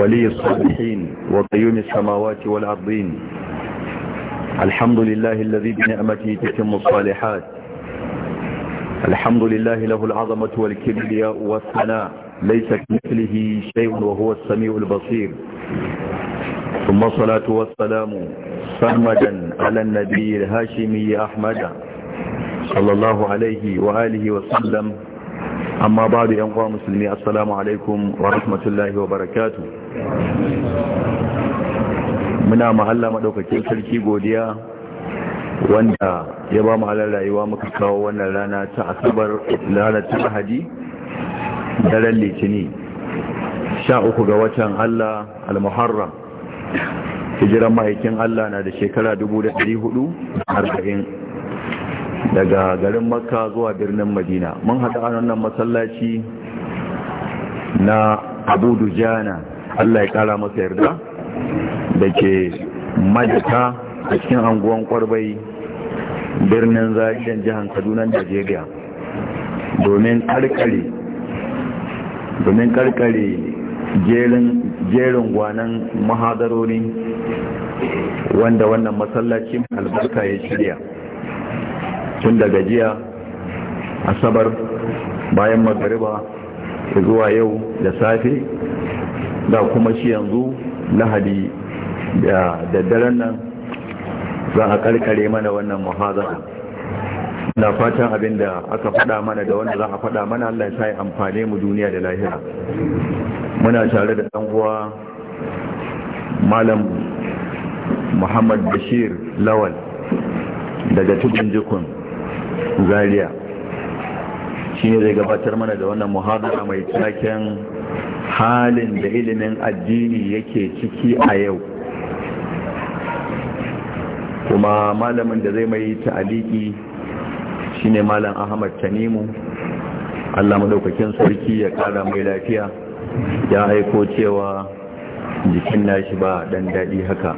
ولي الصالحين وقيوم السماوات والأرضين الحمد لله الذي بنعمته تتم الصالحات الحمد لله له العظمة والكبرياء والثناء ليس كمثله شيء وهو السميع البصير ثم الصلاة والسلام سرمدا على النبي الهاشمي أحمد صلى الله عليه وآله وسلم أما بعد يا مسلمي السلام عليكم ورحمة الله وبركاته muna mahalla maɗaukakin sarki godiya wanda ya ba mahalar rayuwa muka kawo wannan rana ta asabar ranar ta da daren litini sha uku ga watan allah al-muharram hijiran mahaikin allah na da shekara 1440 daga garin makka zuwa birnin madina mun haɗa a wannan masallaci na abu dujana Allah ya kara masa yarda da ke majata a cikin anguwan kwarbai birnin zariyar jihar kaduna Najeriya domin karkare domin karkare jerin gwanan mahadarori wanda wannan masallacin albarka ya shirya tun daga jiya asabar bayan magariba zuwa yau da safe da kuma shi yanzu lahadi da daddaren nan za a karkare mana wannan muhazara na fatan abin da aka faɗa mana da wanda za a faɗa mana Allah ya sai amfane mu duniya da lahira muna tare da dan uwa malam Muhammad Bashir Lawal daga tudun jikun Zaria shi ne zai gabatar mana da wannan muhazara mai taken halin da ilimin addini yake ciki a yau kuma malamin da zai mai ta'aliki shine malam ahmad tanimu allah madaukakin sarki ya kara mai lafiya ya aiko cewa jikin nashi ba ɗan daɗi haka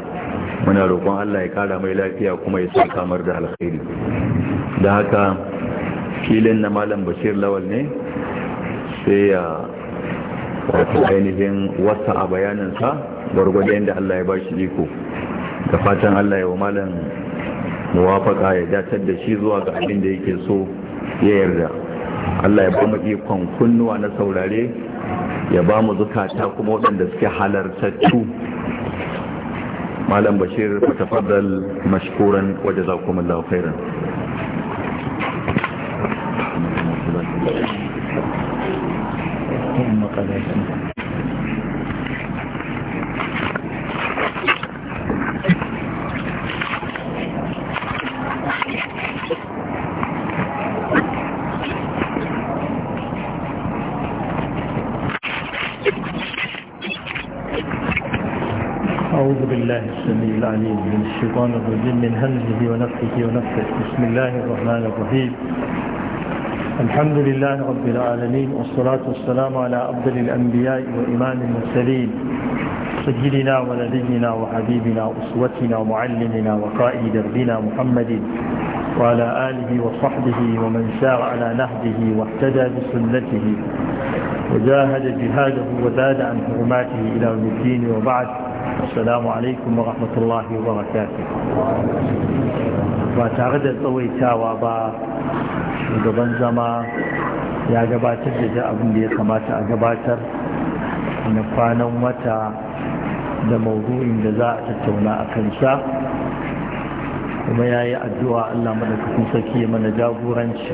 muna roƙon allah ya kara mai lafiya kuma ya sa kamar da alkhairi da haka filin na malam bashir lawal ne sai ya wato ainihin wasa a bayaninsa gwargwado yadda Allah ya bashi iko da fatan Allah ya wa malam muwafaka ya datar da shi zuwa ga abin da yake so ya yarda Allah ya ba mu ikon kunnuwa na saurare ya ba mu zukata kuma waɗanda suke halartattu malam bashir fatafadal mashkuran kuma khairan العليم من الشيطان الرجيم من همزه ونفسه ونفسه بسم الله الرحمن الرحيم الحمد لله رب العالمين والصلاة والسلام على أفضل الأنبياء وإمام المرسلين سيدنا ونبينا وحبيبنا وأسوتنا ومعلمنا وقائد ربنا محمد وعلى آله وصحبه ومن سار على نهجه واهتدى بسنته وجاهد جهاده وزاد عن حرماته إلى الدين وبعد rahmatullahi wa ورحمة Ba tare da tsawaitawa ba, shugaban zama ya gabatar da ji abin da ya kamata a gabatar na kwanan wata da maudu'in da za a tattauna a kansa kuma ya yi addu'a Allah madaukakin sarki mana jagoranci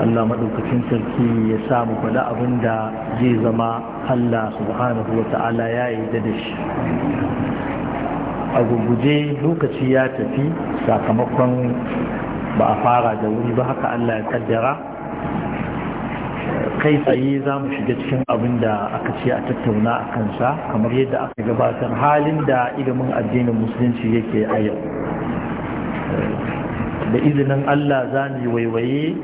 Allah maɗaukacin sarki ya samu faɗa abin da zai zama Allah subhanahu wa ta'ala ya yi da shi a guguje lokaci ya tafi sakamakon ba a fara da wuri ba haka Allah ya kaddara kai tsaye za mu shiga cikin abin da aka ce a tattauna a kansa kamar yadda aka gabatar halin da ilimin addinin musulunci yake a yau da izinin Allah za mu waiwaye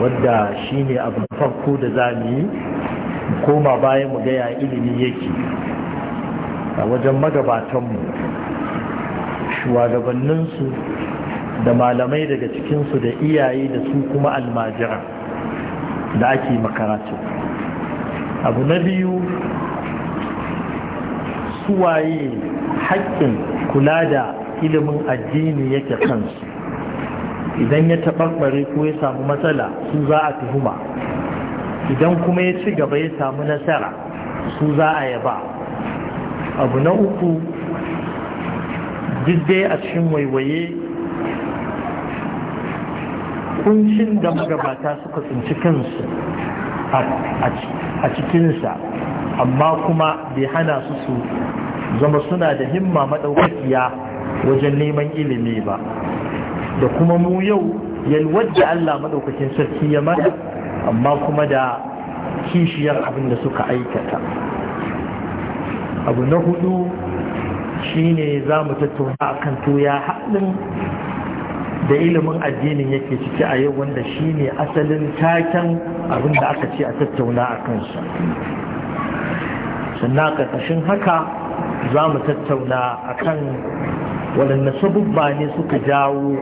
wadda shi ne abu farko da za mu yi koma bayan mu gaya ilimi yake a wajen magabatanmu shugabanninsu da malamai daga cikinsu da iyaye da su kuma almajira da ake makaratu abu na biyu suwaye haƙƙin kula da ilimin addini yake kansu idan ya taɓarɓare ko ya samu matsala su za a tuhuma idan kuma ya ci gaba ya samu nasara su za a yaba abu na uku dai a cikin waiwaye kuncin da magabata suka tsinci kansu a cikinsa amma kuma bai hana su su zama suna da himma maɗaukakiya wajen neman ilimi ba da kuma mu yau yalwar Allah madaukakin sarki ya mara, amma kuma da kishiyar abin da suka aikata abu na hudu shine za mu tattauna akan toya haɗin da ilimin addinin yake ciki a yau wanda shine asalin taken abin da aka ce a tattauna a kansa sannan a ƙarƙashin haka za mu tattauna akan waɗanda sabubba ne suka jawo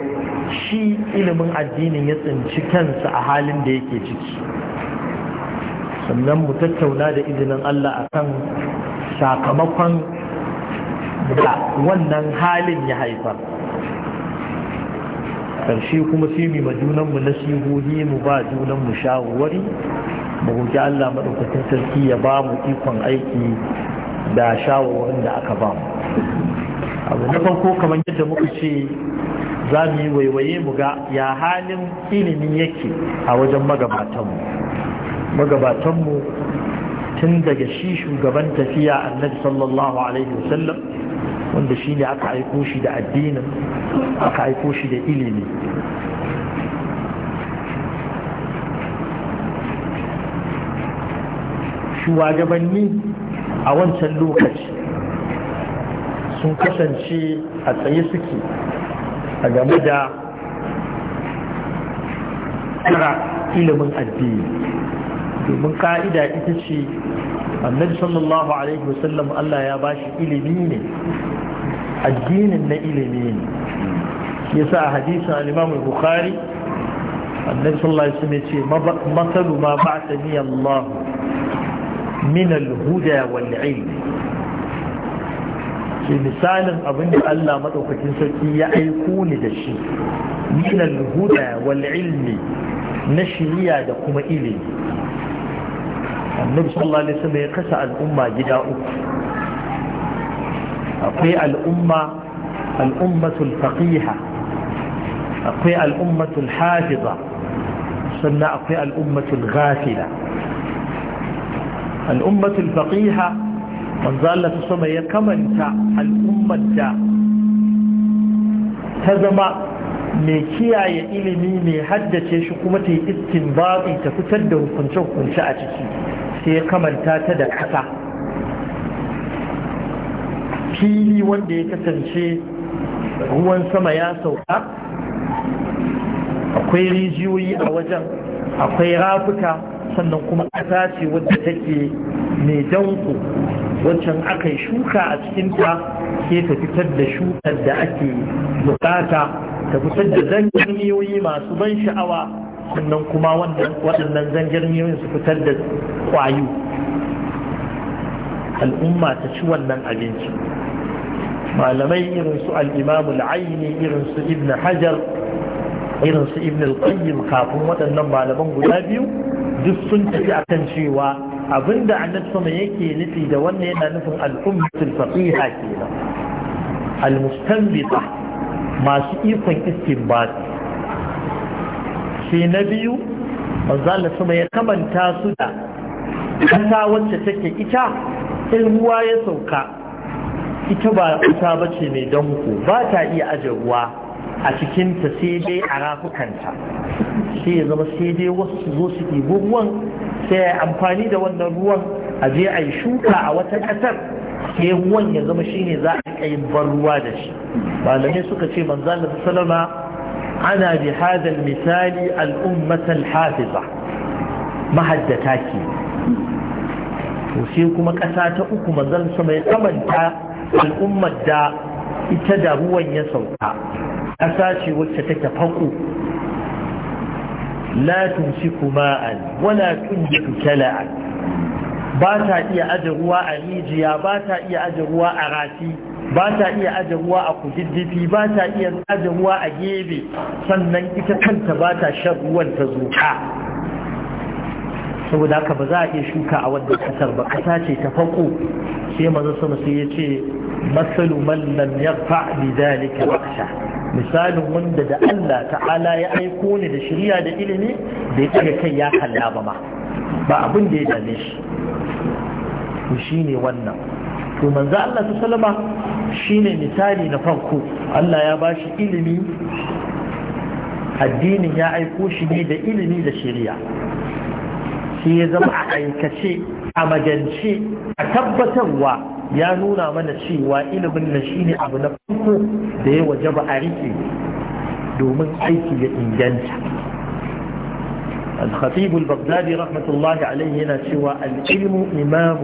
shi ilimin addinin ya tsinci kansa a halin da yake ciki sannan mu tattauna da izinin Allah akan sakamakon da wannan halin ya haifar ƙarshe kuma sai mu junanmu nasihohi mu ba junanmu shawarwari mu roki Allah maɗaukacin sarki ya ba mu ikon aiki da shawarwarin da aka ba mu abu na farko kamar yadda muka ce za mu yi waiwaye mu ga ya halin ilimi yake a wajen magabatanmu magabatanmu tun daga shi shugaban tafiya annabi sallallahu alaihi wasallam wanda shi ne aka aiko shi da addinin aka aiko shi da ilimi shugabanni a wancan lokaci sun kasance a tsaye suke a game da tsara ilimin addini domin ka'ida ita ce annabi sallallahu alaihi wasallam Allah ya bashi ilimi ne addinin na ilimi ne yasa a hadisin al bukari al annabi sallallahu alaihi wasallam yace masalu ma ba'athani Allah min al-huda wal ilm ce misalin abin da Allah maɗaukakin sarki ya aiko ni da shi minal huda wal ilmi na shiriya da kuma ilimi annabi sallallahu alaihi wasallam ya kasa al'umma gida uku akwai al'umma al'ummatul faqiha akwai al'ummatul hafiza sannan akwai al'ummatul ghafila al'ummatul faqiha manzo Allah ta sama ya kamanta al'ummar da ta zama mai kiyaye ilimi mai haddace shi kuma ta yi baɗi ta fitar da hukunce-hukunce a ciki sai ya kamanta ta da ƙasa fili wanda ya kasance ruwan sama ya sauka akwai rijiyoyi a wajen akwai rafuka sannan kuma ƙasa ce wadda take mai danko waccan aka yi shuka a cikinta sai ta fitar da shukar da ake bukata ta fitar da zangarniyoyi masu ban sha'awa sannan kuma waɗannan zangarniyoyin su fitar da ƙwayo al'umma ta ci wannan abinci malamai irin su al'imamu al'ayini irin su ibn hajar irin su ibn al kafin waɗannan malaman guda biyu duk sun tafi akan cewa abinda annabi sama yake nufi da wannan yana nufin al'ummatul fasiha kenan al-mustanbita masu ikon istinbati sai na biyu manzo Allah sama ya kamanta su da kasa wacce take ita in ruwa ya sauka ita ba kasa bace mai danko ba ta iya aje ruwa a cikin ta sai dai a rafukanta sai ya zama sai dai wasu su zo su ɗibo ruwan sai amfani da wannan ruwan a je a yi shuka a wata ƙasar sai ruwan ya zama shine za a riƙa yin ban ruwa da shi malamai suka ce manzo Allah sallama ana bi hadal misali al-ummat al-hafiza mahaddata ke to sai kuma ƙasa ta uku manzo Allah sama ya kamanta al'ummar da ita da ruwan ya sauka ƙasa ce wacce take fako la tumsiku ma'an wala tunjiku kala'an ba ta iya aje ruwa a rijiya ba ta iya aje ruwa a rafi ba ta iya aje ruwa a kudiddifi ba ta iya aje ruwa a gebe sannan ita kanta ba ta shan ruwan ta zuka saboda haka ba za a iya shuka a wanda kasar ba Ƙasa ce ta fako sai maza sama sai yace, ce masalu man lam yarfa bi dalika misalin wanda da Allah ta'ala ya aiko ni da shirya da ilimi da ya kare kai ya kalla ba ma ba abin da ya dame shi to ne wannan to manzo Allah ta salama shine misali na farko Allah ya bashi ilimi addinin ya aiko shi ne da ilimi da shirya sai ya zama a aikace a magance a tabbatarwa ya nuna mana cewa ilimin na shine abu na farko da ya waje ba a rike domin aiki ya inganta الخطيب البغدادي رحمة الله عليه هنا سوى العلم إمام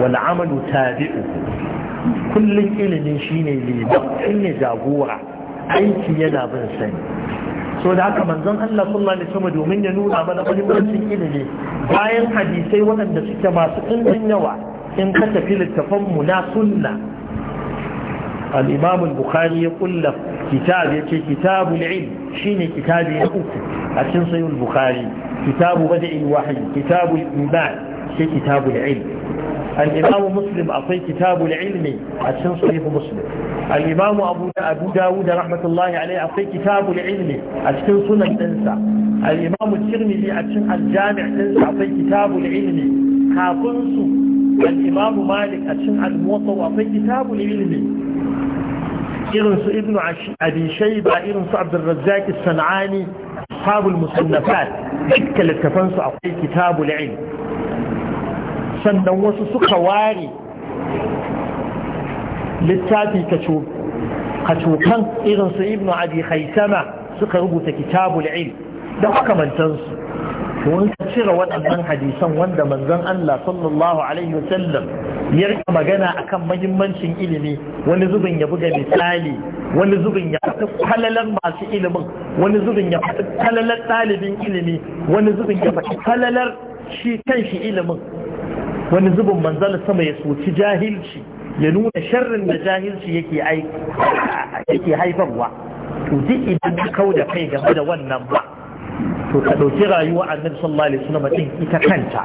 والعمل تابعه كل إلم شيني لدق إلم جابورة أيك ينا بن سني so da haka manzon Allah sallallahu alaihi wasallam domin ya nuna mana wani wurin ilimi bayan hadisai waɗanda suke masu ɗimbin yawa in ka tafi mu na sunna al'imam bukhari ya kulla kitab ya ce kitabul ilm shine kitabi ya uku a cikin sayi bukhari kitabu bada'il wahyi kitabul iman sai kitabul ilm الإمام مسلم أعطي كتاب العلم عشان صحيح مسلم الإمام أبو, أبو داود رحمة الله عليه أعطي كتاب العلم عشان سنة تنسى الإمام الترمذي عشان الجامع تنسى أعطي كتاب kafin su. dan imamu malik a cin almuwata wafai kitabun ilimi irin su ibnu abin shai ba irin su abdurrazzaki sana'ani kitabul musannafat dukka littafan su akwai kitabul ilim sannan wasu suka ware littafi kacokan irin su ibnu abi haitama suka rubuta kitabul ilim da haka mantansu to in cire waɗannan hadisan wanda manzon Allah sallallahu alaihi wasallam ya rika magana akan mahimmancin ilimi wani zubin ya buga misali wani zubin ya fata halalan masu ilimin wani zubin ya fata halalan ɗalibin ilimi wani zubin ya fata halalar shi kan shi ilimin wani zubin manzala sama ya soci jahilci ya nuna sharrin da jahilci yake haifarwa to duk idan ka kauda da kai game da wannan ba to ka ɗauki rayuwa annabi sallallahu alaihi wasallam din ita kanta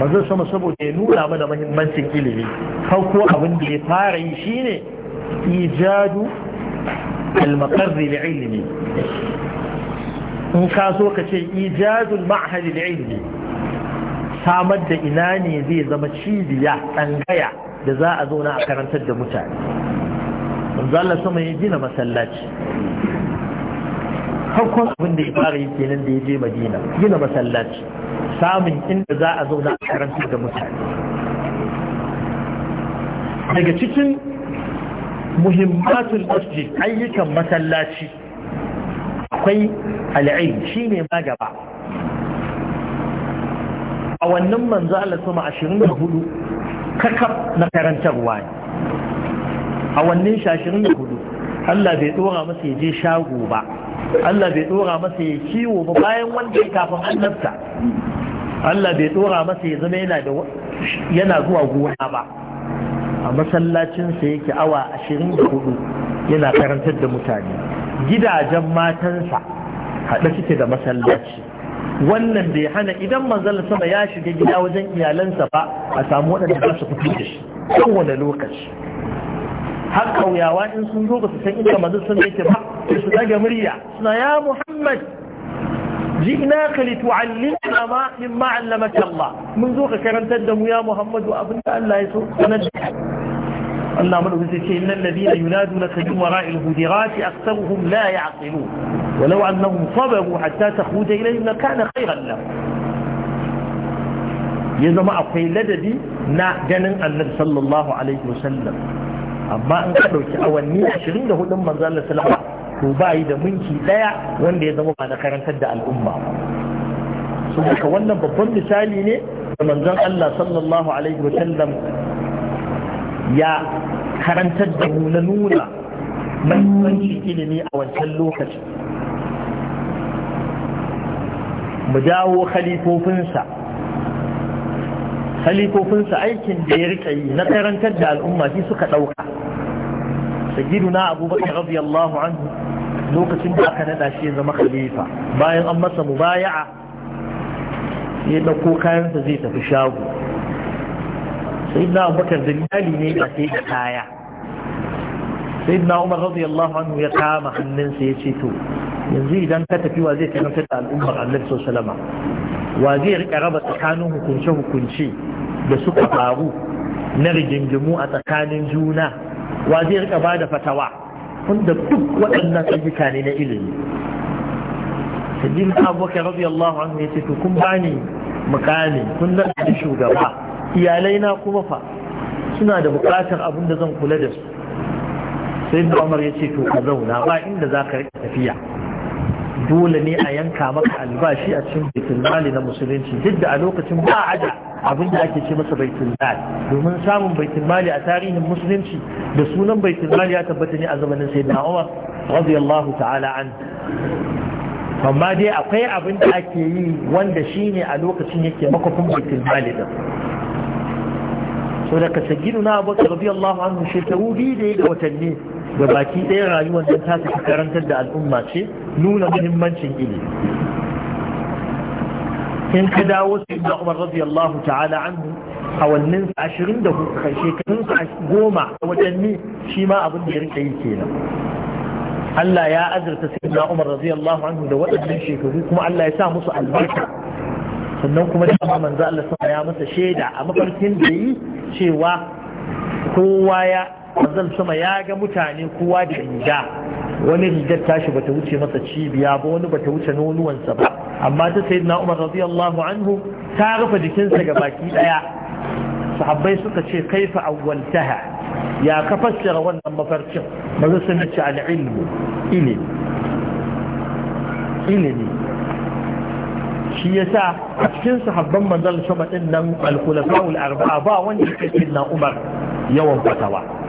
manzo sama saboda ya nuna mana muhimmancin ilimi farko abin da ya fara yi shine ijadu al-maqarr li'ilmi in ka so ka ce al ma'had li'ilmi samar da ina ne zai zama cibiya tsangaya da za a zauna a karantar da mutane manzo Allah sama ya gina masallaci farkon abin da ya fara yi kenan da ya je madina gina masallaci samun inda za a zauna a karantar da mutane daga cikin muhimmatul masjid ayyukan masallaci akwai shi shine ma gaba a wannan manzo Allah sama 24 kakaf na karantarwa ne a wannan 24 Allah bai tsora masa ya je shago ba Allah bai dora masa ya kiwo ba bayan wanda ya kafin annabta Allah bai dora masa ya zama yana da yana zuwa gona ba a masallacinsa yake awa ashirin da hudu yana karantar da mutane gidajen matansa haɗa suke da masallaci wannan bai hana idan manzal sama ya shiga gida wajen iyalansa ba a samu waɗanda za su fito da shi kowane lokaci har ƙauyawa in sun zo ba su san inda manzal sama yake ba يسوع جمريا قلنا يا محمد جئناك لتعلمنا ما مما علمك الله منذ كرمت الدم يا محمد وابن الله يسوع الله من أهزكي إن الذين ينادونك من وراء الهدرات أكثرهم لا يعقلون ولو أنهم صبروا حتى تخرج إليهم لكان خيرا لهم يا يزمع في لددي نعجنا النبي صلى الله عليه وسلم أما أنك لو كأواني عشرين له لما زال سلامه to ba yi da minki ɗaya wanda ya zama ba na karantar da al'umma su wannan babban misali ne da manzon Allah sallallahu alaihi wasallam ya karantar da mu na nuna mahimmancin ilimi a wancan lokaci mu dawo khalifofinsa khalifofinsa aikin da ya rika yi na karantar da al'umma shi suka ɗauka sagiduna abubakar radiyallahu anhu lokacin da aka nada shi ya zama khalifa bayan an masa mubaya'a ya dauko kayansa zai tafi shago sai na da dalili ne a sai da kaya sai na umar radiyallahu anhu ya kama hannunsa ya ce to yanzu idan ka tafi wa zai tafi da al'ummar annabi sallallahu alaihi wa zai rika raba tsakanin hukunce hukunce da suka faru na rigingimu a tsakanin juna wa zai rika bada fatawa wanda duk waɗannan ayyuka ne na ilimi sabbin abokai, rabi Allah an ya ce to kun bani mukami kun na da shugaba iyalai na kuma fa suna da bukatar abin da zan kula da su sai da Umar ya ce to ka zauna ba inda za ka tafiya dole ne a yanka maka albashi a cikin baitul mali na musulunci duk da a lokacin ba a da abin da ake ce masa baitul mali domin samun baitul mali a tarihin musulunci da sunan baitul mali ya tabbata ne a zamanin sayyidina Umar radiyallahu ta'ala an amma dai akwai abin da ake yi wanda shine a lokacin yake makofin baitul mali din so daga sagiduna Abubakar radiyallahu anhu shekaru biyu da ya watanni baki ɗaya rayuwar don ta fi karantar da al'umma ce nuna muhimmancin iri. in ka dawo su da umar radiyallahu ta'ala anhu awannin ashirin da shekarun goma a watanni shi ma abin da ya rike yi kenan Allah ya azurta sayyidina Umar radiyallahu anhu da waɗannan shekaru kuma Allah ya sa musu albarka sannan kuma da amma manzo Allah ya masa shaida a mafarkin da yi cewa kowa ya manzon sama ya ga mutane kowa da riga wani rigar tashi ba ta wuce masa cibiya ba wani ba ta wuce nonuwansa ba amma ta na Umar radiyallahu anhu ta rufe jikinsa ga baki daya sahabbai suka ce kaifa awwaltaha ya ka fassara wannan mafarkin manzo sun ce al ilimi ilimi shi yasa a cikin sahabban manzal sama din nan al arba'a ba wanda yake na Umar yawan fatawa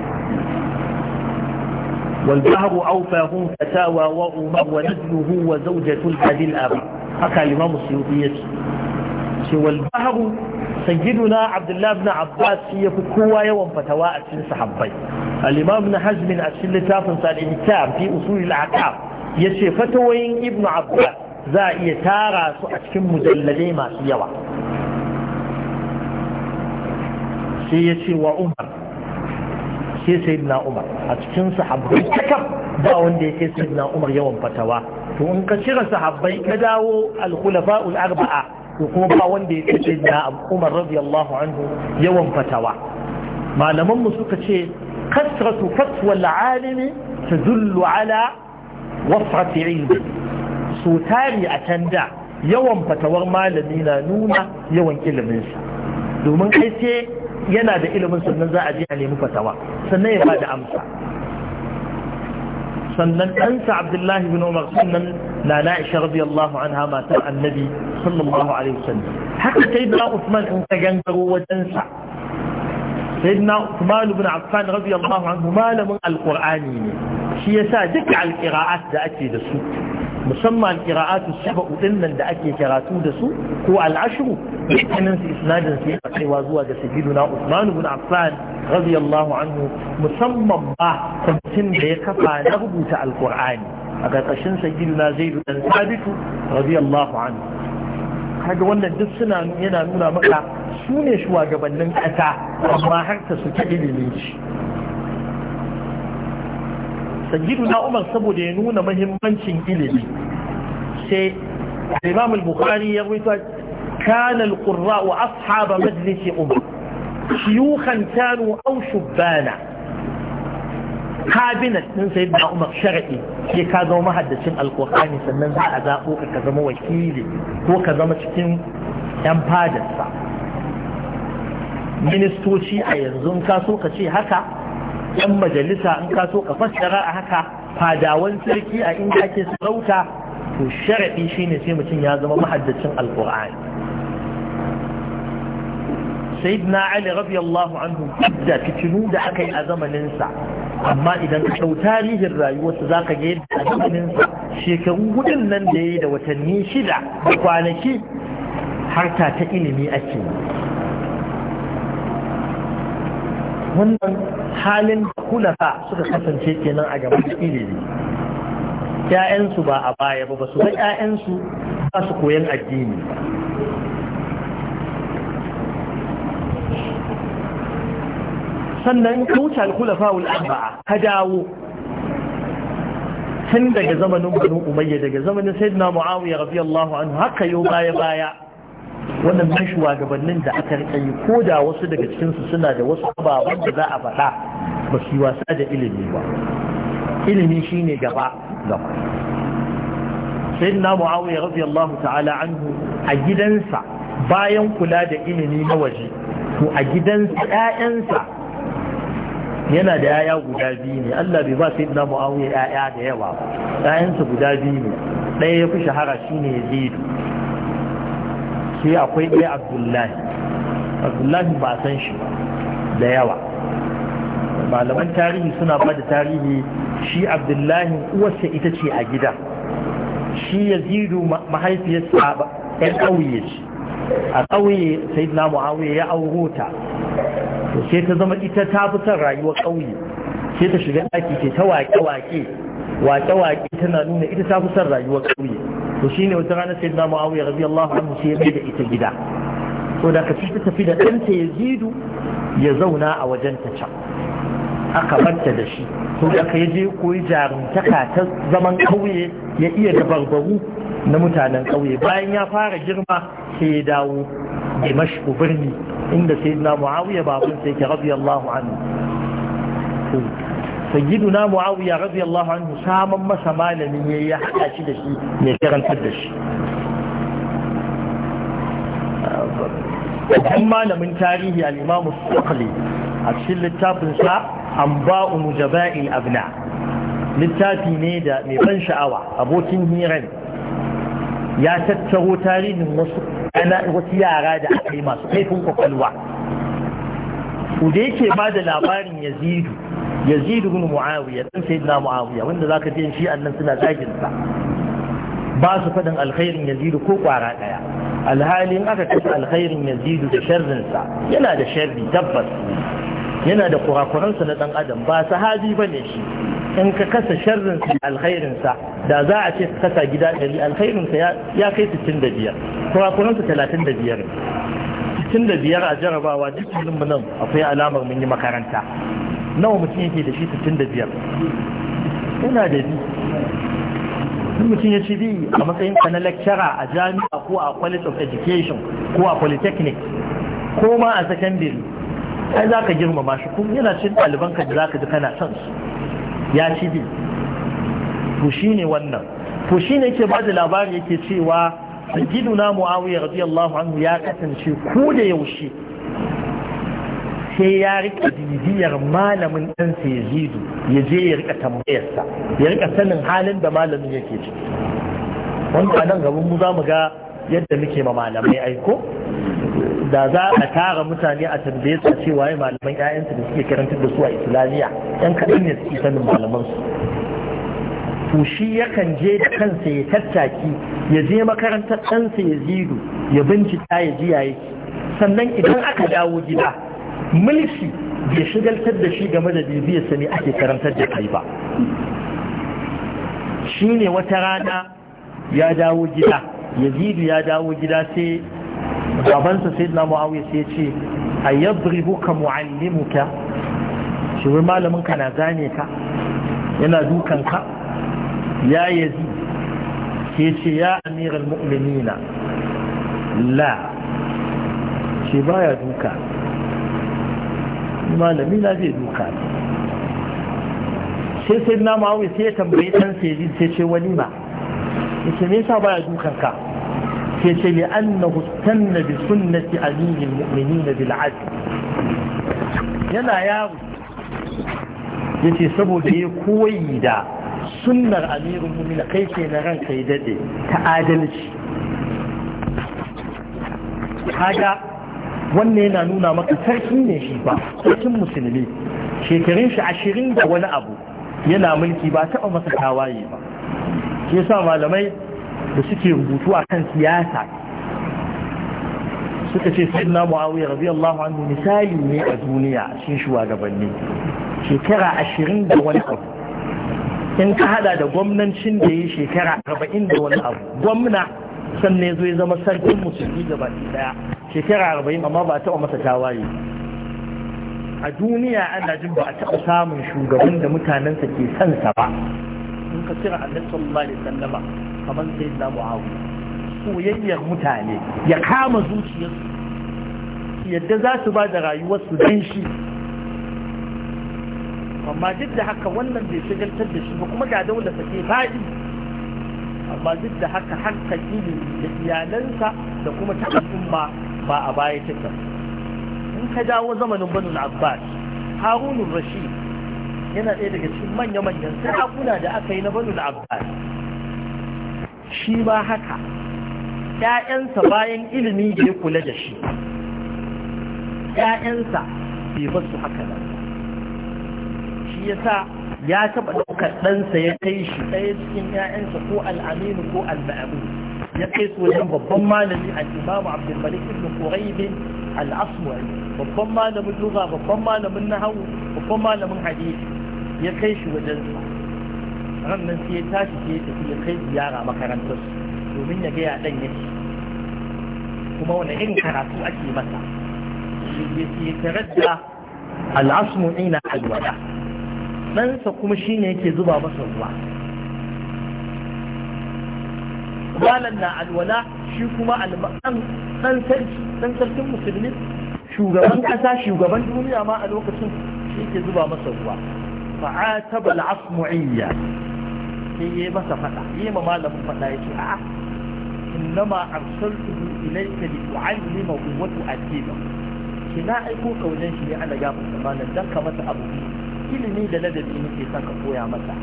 والبحر أوفاه فتاوى وأمر ونزله وزوجة الهدي الأبي حكى الإمام السيوطي والبحر سيدنا عبد الله بن عباس يفكوا يوم فتوى أسل صحابي الإمام بن حزم أسل تافن الإنكام في أصول الأحكام يشي فتوين ابن عباس za a iya tara su a cikin mujalladai masu yawa sai ya ce wa umar sai sayyidina umar a cikin sahabbai kakam ba wanda yake sayyidina umar yawan fatawa to in ka cire sahabbai ka dawo al-khulafa'ul arba'a to kuma ba wanda yake sayyidina umar radiyallahu anhu yawan fatawa malaman mu suka ce kasratu fatwa al-alimi tadullu ala wasrati ilmi so tari a can da yawan fatawar malami na nuna yawan iliminsa domin kai sai yana da ilimin sannan za a je a nemi fatawa sannan ya ba da amsa sannan ɗansa abdullahi bin umar sannan na na'isha radiyallahu anha matar annabi sallallahu alaihi wasallam haka sai da usman in ka gangaro wajensa sai na usman bin affan radiyallahu anhu malamin alqur'ani ne shi ya yasa duka alqira'at da ake da su musamman kira'atu saba'u din nan da ake karatu da su ko al'ashiru. dukkanin su isnadin su yana kaiwa zuwa ga sayyiduna Usman ibn Affan radiyallahu anhu musamman ba kwamitin da ya kafa na rubuta alqur'ani a ƙarƙashin sayyiduna Zaid dan Thabit radiyallahu anhu kaga wannan duk suna yana nuna maka su ne shugabannin ƙasa amma har ta su ta na umar saboda ya nuna mahimmancin ilimi sai imam al-bukhari ya rubuta kana al-qurra wa ashab majlis umar shuyukhan kanu aw shubana kabinet din sayyidina umar shar'i sai ka zama mahaddacin al-qur'ani sannan za a zabo ka zama wakili ko ka zama cikin yan fadarsa ministoci a yanzu ka so ka ce haka yan majalisa in ka so ka fassara a haka fadawan sarki a inda ake sarauta to sharaɗi shine sai mutum ya zama mahaddacin alƙur'ani sayyidina ali radiyallahu anhu da fitinu da aka yi a zamaninsa amma idan ka ɗau tarihin rayuwarsa za ka ga yadda a zamaninsa shekaru gudun nan da ya yi da watanni shida da kwanaki harta ta ilimi ake yi wannan halin kulafa suka kasance kenan a gaban ilimi ‘ya'yansu ba a baya ba ba su ga ‘ya'yansu ba su koyan addini sannan kulafa alkulafa arba'a ka dawo tun daga zamanin banu umayya daga zamanin sayyidina muawiya radiyallahu anhu haka yau baya baya Wannan waɗannan shugabannin da aka rika yi ko da wasu daga cikin su suna da wasu ababen da za a faɗa ba su wasa da ilimi ba ilimi shine gaba gaba sayyidina muawiya radiyallahu ta'ala anhu a gidansa bayan kula da ilimi na waje to a gidansa ƴaƴansa yana da yaya guda biyu ne Allah bai ba sayyidina muawiya yaya da yawa ba ƴaƴansa guda biyu ne ɗaya ya fi shahara shine yazidu sai akwai ɗaya abdullahi abdullahi ba san shi da yawa malaman tarihi suna ba da tarihi shi abdullahi uwarsa ita ce a gida shi yazidu mahaifiyarsa ɗan ƙauye ce a ƙauye sai na mu'awiyya ya auro ta sai ta zama ita ta fi son rayuwar ƙauye sai ta shiga ɗaki ce ta waƙe-waƙe waƙe-waƙe tana nuna ita ta fi son rayuwar ƙauye to shine wata ranar sai da rabi radiyallahu sai ya da ita gida to da ka ta tafi da ɗanta ya zidu ya zauna a wajen ta can aka barta da shi to da ka je koyi jaruntaka ta zaman ƙauye ya iya dabarbaru na mutanen ƙauye bayan ya fara girma sai ya dawo dimashku birni inda sai na muawiya babun sai ke radiyallahu sayyiduna muawiya radiyallahu anhu saman masa malamin yayi ya haɗa shi da shi ne karantar da shi babban malamin tarihi al-imamu a cikin littafin sa anba'u mujaba'il abna littafi ne da mai ban sha'awa abokin hiran ya tattaro tarihin wasu wasu yara da aka yi masu kaifin kwakwalwa da yake ba da labarin yazidu yazid ibn muawiya dan sayyidina muawiya wanda zaka ji shi annan suna zagin sa ba su fadin alkhairin yazid ko kwara daya alhalin aka kace alkhairin yazid da sharrin sa yana da sharri tabbas yana da kurakuransa na dan adam ba sahabi bane shi in ka kasa sharrin sa alkhairin sa da za a ce ka kasa gida 100 alkhairin sa ya kai 65 kurakuran sa 35 65 a jarabawa duk nan akwai alamar mun yi makaranta nawa mutum yake da shi da biyar? yana da bi in mutum ya ci bi a matsayin ka na lecturer a jami'a ko a college of education ko a polytechnic ko ma a secondary ai za ka girmama shi kuma yana cin ɗaliban ka da za ka ji kana son su ya ci bi to shi ne wannan to shi ne ke ba da labari yake cewa sajiduna mu'awiyar radiyallahu anhu ya kasance ko da yaushe sai ya rika bibiyar malamin ɗansa ya zidu ya je ya rika tambayarsa ya rika sanin halin da malamin yake ciki wanda nan gaban mu za mu ga yadda muke ma malamai aiko da za a tara mutane a tambaye su cewa ya malaman ƴaƴansu da suke karantar da su a islamiyya ɗan kaɗan ne suke sanin malaman su to shi yakan je da kansa ya tattaki ya je makarantar ɗansa ya zidu ya bincika ya ji yayi sannan idan aka dawo gida mulki bai shigaltar da shi game da bibiyarsa ne ake karantar da kai ba shi ne wata rana ya dawo gida yazidu ya dawo gida sai babansa sai na mu'awiyar sai ce a mu'allimuka shi wai malamin ka na gane ka yana dukan ya yazi sai ce ya amiral mu'minina la shi baya duka malami na zai duka sai sai na ma'awai sai ya tambayi ɗan sai sai ce wani ma ce me yasa baya dukan ka sai ce li annahu bi sunnati aliyil mu'minin bil adl yana yawo yace saboda ya koyi da sunnar amirul mu'minin kai ce na ranka ya dade ta adalci kaga wannan yana nuna maka sarki ne shi ba sarkin musulmi shekarun shi ashirin da wani abu yana mulki ba taba masa tawaye ba ke sa malamai da suke rubutu a kan siyasa suka ce sai na mu'awiyar rabi Allah wani misali ne a duniya shi shugabanni shekara ashirin da wani abu in ka hada da gwamnancin da ya yi shekara arba'in da wani abu gwamna sannan ya zo ya zama sarkin musulmi gaba daya shekara arba'in amma ba a taɓa masa tawaye a duniya ana jin ba a taɓa samun shugaban da mutanensa ke son sa ba in ka cire annabi sallallahu alaihi wasallama kamar sai da muawiya soyayyar mutane ya kama zuciyarsu yadda za su ba da rayuwarsu don shi amma duk da haka wannan bai shagaltar da shi ba kuma ga daular ke faɗi amma duk da haka hankali ne da iyalansa da kuma ta al'umma ba a baya take in ka dawo zamanin banu abbas harunun rashid yana ɗaya daga cikin manya-manyan sarakuna da aka yi na banu abbas shi ba haka ‘ya'yansa bayan ilimi da ya kula da shi ‘ya'yansa bai basu haka nan shi sa. ya taɓa ɗaukar ɗansa ya kai shi ɗaya cikin ‘ya'yansa ko al'aminu ko al'abu ya kai su wajen babban malami al'imamu abdulmalik ibn quraibin al'aswari babban malamin lugha babban malamin nahawu babban malamin hadisi ya kai shi wajen sa rannan sai ya tashi sai ya tafi ya kai ziyara makarantar su domin ya gaya ɗan ya ci kuma wani irin karatu ake masa ya tarar da al'asmu ina alwada ɗansa kuma shi ne yake zuba masa ruwa walan na alwala shi kuma albaɗan ɗan sarki ɗan sarkin musulmi shugaban ƙasa shugaban duniya ma a lokacin shi ke zuba masa ruwa fa'ataba al'asmu'iyya sai yayi masa fada yayi ma malamin fada yace a innama arsaltuhu ilayka li tu'allimahu wa tu'addibahu kina aiko ka wajen shi ne ana gafa malam dan ka masa abu ilimi da ladabi muke son ka koya masa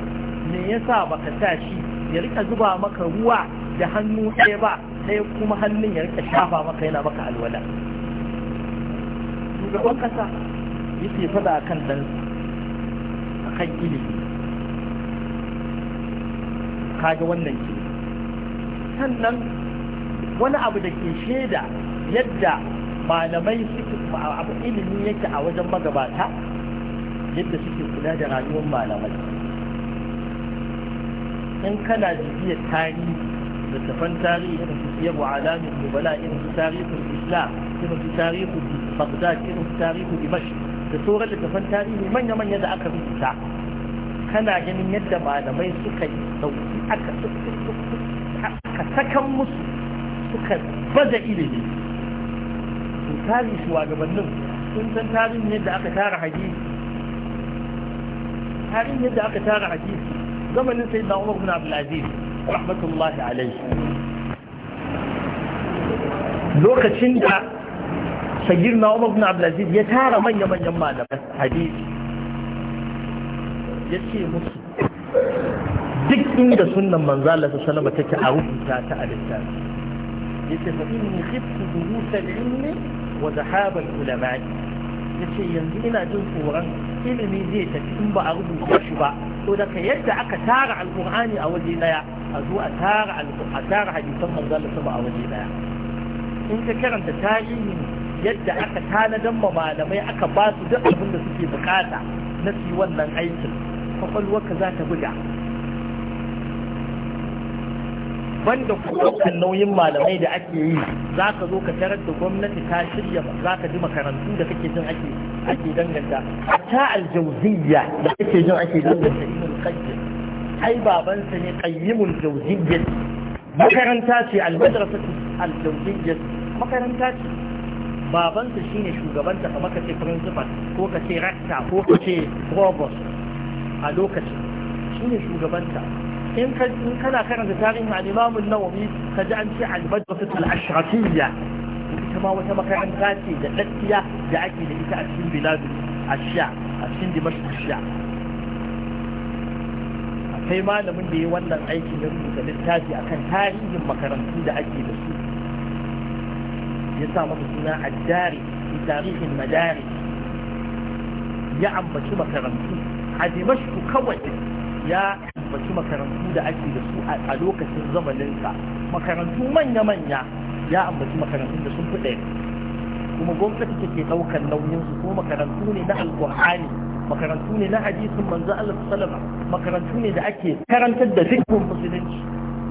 me yasa baka sa shi ya rika zuba maka ruwa da hannu ɗaya ba ɗaya kuma hannun ya rika shafa maka yana maka alwala shugaban kasa yake faɗa kan dan akan ilimi kaga wannan ke sannan wani abu da ke shaida yadda malamai suke abu ilimi yake a wajen magabata yadda suke kula da rayuwar malamai in kana jibiyar tarihi littafan tarihi irin su siyabu alamin nubala irin su tarihi islam irin su tarihul bagdad irin su tarihul dimash da sauran littafan tarihi manya-manya da aka rubuta kana ganin yadda malamai suka yi sauki aka sakan musu suka baza ilimi su tarihi shugabannin sun san tarihin yadda aka tara hadisi tarihin yadda aka tara hadisi zamanin sai da umar bin abdulaziz rahmatullahi alaihi lokacin da sagir na umar bin abdulaziz ya tara manya-manyan malaman hadisi ya ce musu duk inda sunan manzala ta salama take a rubuta ta a littafi ya ce fa inni khiftu durusal ilmi wa zahabal ulama'i ya ce yanzu ina jin tsoron ilimi zai tafi in ba a rubuta shi ba to daga yadda aka tara alkur'ani a waje daya a zo a tara a tara hadisan manzo Allah a waje daya in ka karanta tarihin yadda aka tanadan ma malamai aka ba su duk abin da suke bukata na su wannan aikin kwakwalwarka za ta buga banda ɗaukar nauyin malamai da ake yi za ka zo ka tarar da gwamnati ta shirya za ka ji makarantu da kake jin ake ake danganta ta aljauziyya da kake jin ake danganta ibn qayyim ai babansa ne qayyimul jauziyya makaranta ce almadrasatu aljauziyya makaranta ce babansa shine shugabanta kamar ka ce principal ko ka ce rector ko ka ce provost a lokacin shine shugabanta in kana karanta tarihin al'imamun nawawi ka ji an ce almadrasa al'ashrafiyya ita ma wata makaranta ce da tsakiya da ake da ita a cikin biladu a sha a cikin dimashin sha akwai malamin da ya wannan aiki na rubuta littafi akan tarihin makarantu da ake da su ya sa masa suna addari tarihin madari ya ambaci makarantu a dimashku kawai ya ambaci makarantu da ake da su a lokacin zamaninsa makarantu manya-manya ya ambaci makarantun da sun fi ɗaya kuma gwamnati take ɗaukar nauyinsu ko makarantu ne na alƙur'ani makarantu ne na hadisin manzo Allah sallama makarantu ne da ake karantar da dukkan musulunci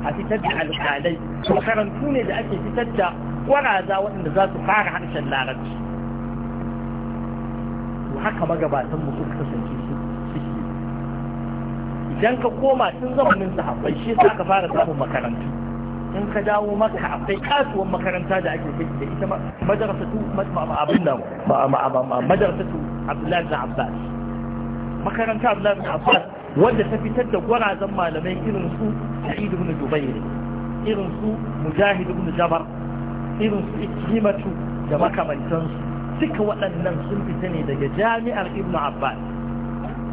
a fitar da alƙalai makarantu ne da ake fitar da kwaraza waɗanda za su fara harshen larabci to haka magabatan mu suka kasance dan ka koma tun zamanin sahabbai shi sa ka fara samun makarantu in ka dawo maka akwai kasuwan makaranta da ake kai da ita madrasatu abin nan madrasatu Abdullahi Abbas makaranta Abdullahi Abbas wanda ta fitar da gwarazan malamai irin su Sa'id ibn Jubair irin su Mujahid ibn Jabar irin su Ikrimatu da makamantansu duka waɗannan sun fita ne daga jami'ar Ibn Abbas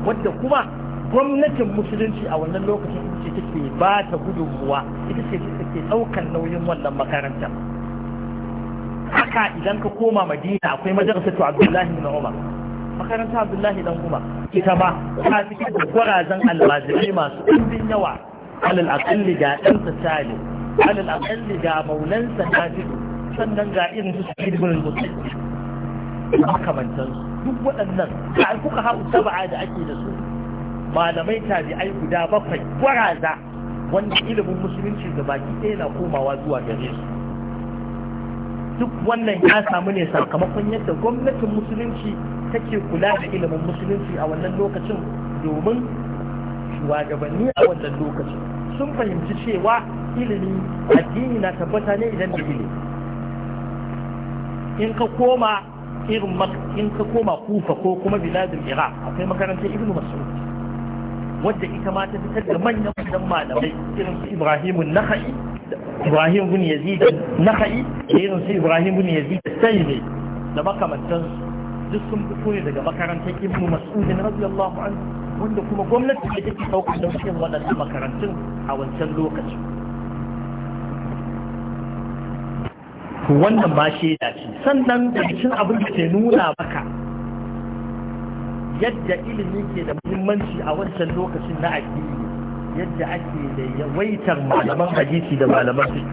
wadda kuma gwamnatin musulunci a wannan lokacin ita ce take ba ta gudunmuwa ita ce take ɗaukan nauyin wannan makarantar haka idan ka koma madina akwai madrasatu abdullahi na umar makaranta abdullahi dan umar ita ma ta cikin da gwarazan almajirai masu ɗumbin yawa alal akalli ga ɗansa salim alal akalli ga maunansa najidu sannan ga irin su suke da gudun musulunci makamantansu duk waɗannan da alfuka haɓu taba'a da ake da su malamai tabi'ai guda bakwai gwaraza wanda ilimin musulunci da baki ɗaya na komawa zuwa gare su duk wannan ya samu ne sakamakon yadda gwamnatin musulunci take kula da ilimin musulunci a wannan lokacin domin shugabanni a wannan lokacin sun fahimci cewa ilimi addini na tabbata ne idan da ilimi in ka koma irin in ka koma kufa ko kuma biladin iraq akwai makarantar ibnu mas'ud wadda ita ma ta fitar da manyan manyan malamai irin su Ibrahim Nakhai Ibrahim bin Yazid Nakhai da irin su Ibrahim bin Yazid Sayyid da makamantan duk sun fito ne daga makarantar Ibn Mas'ud radiyallahu anhu wanda kuma gwamnati ce take saukar da cikin waɗannan makarantun a wancan lokacin wannan ba ma da shi. sannan da cikin abin da ke nuna maka yadda ilimi ke da muhimmanci a wancan lokacin na addini yadda ake da yawaitar malaman hadisi da malaman fiqh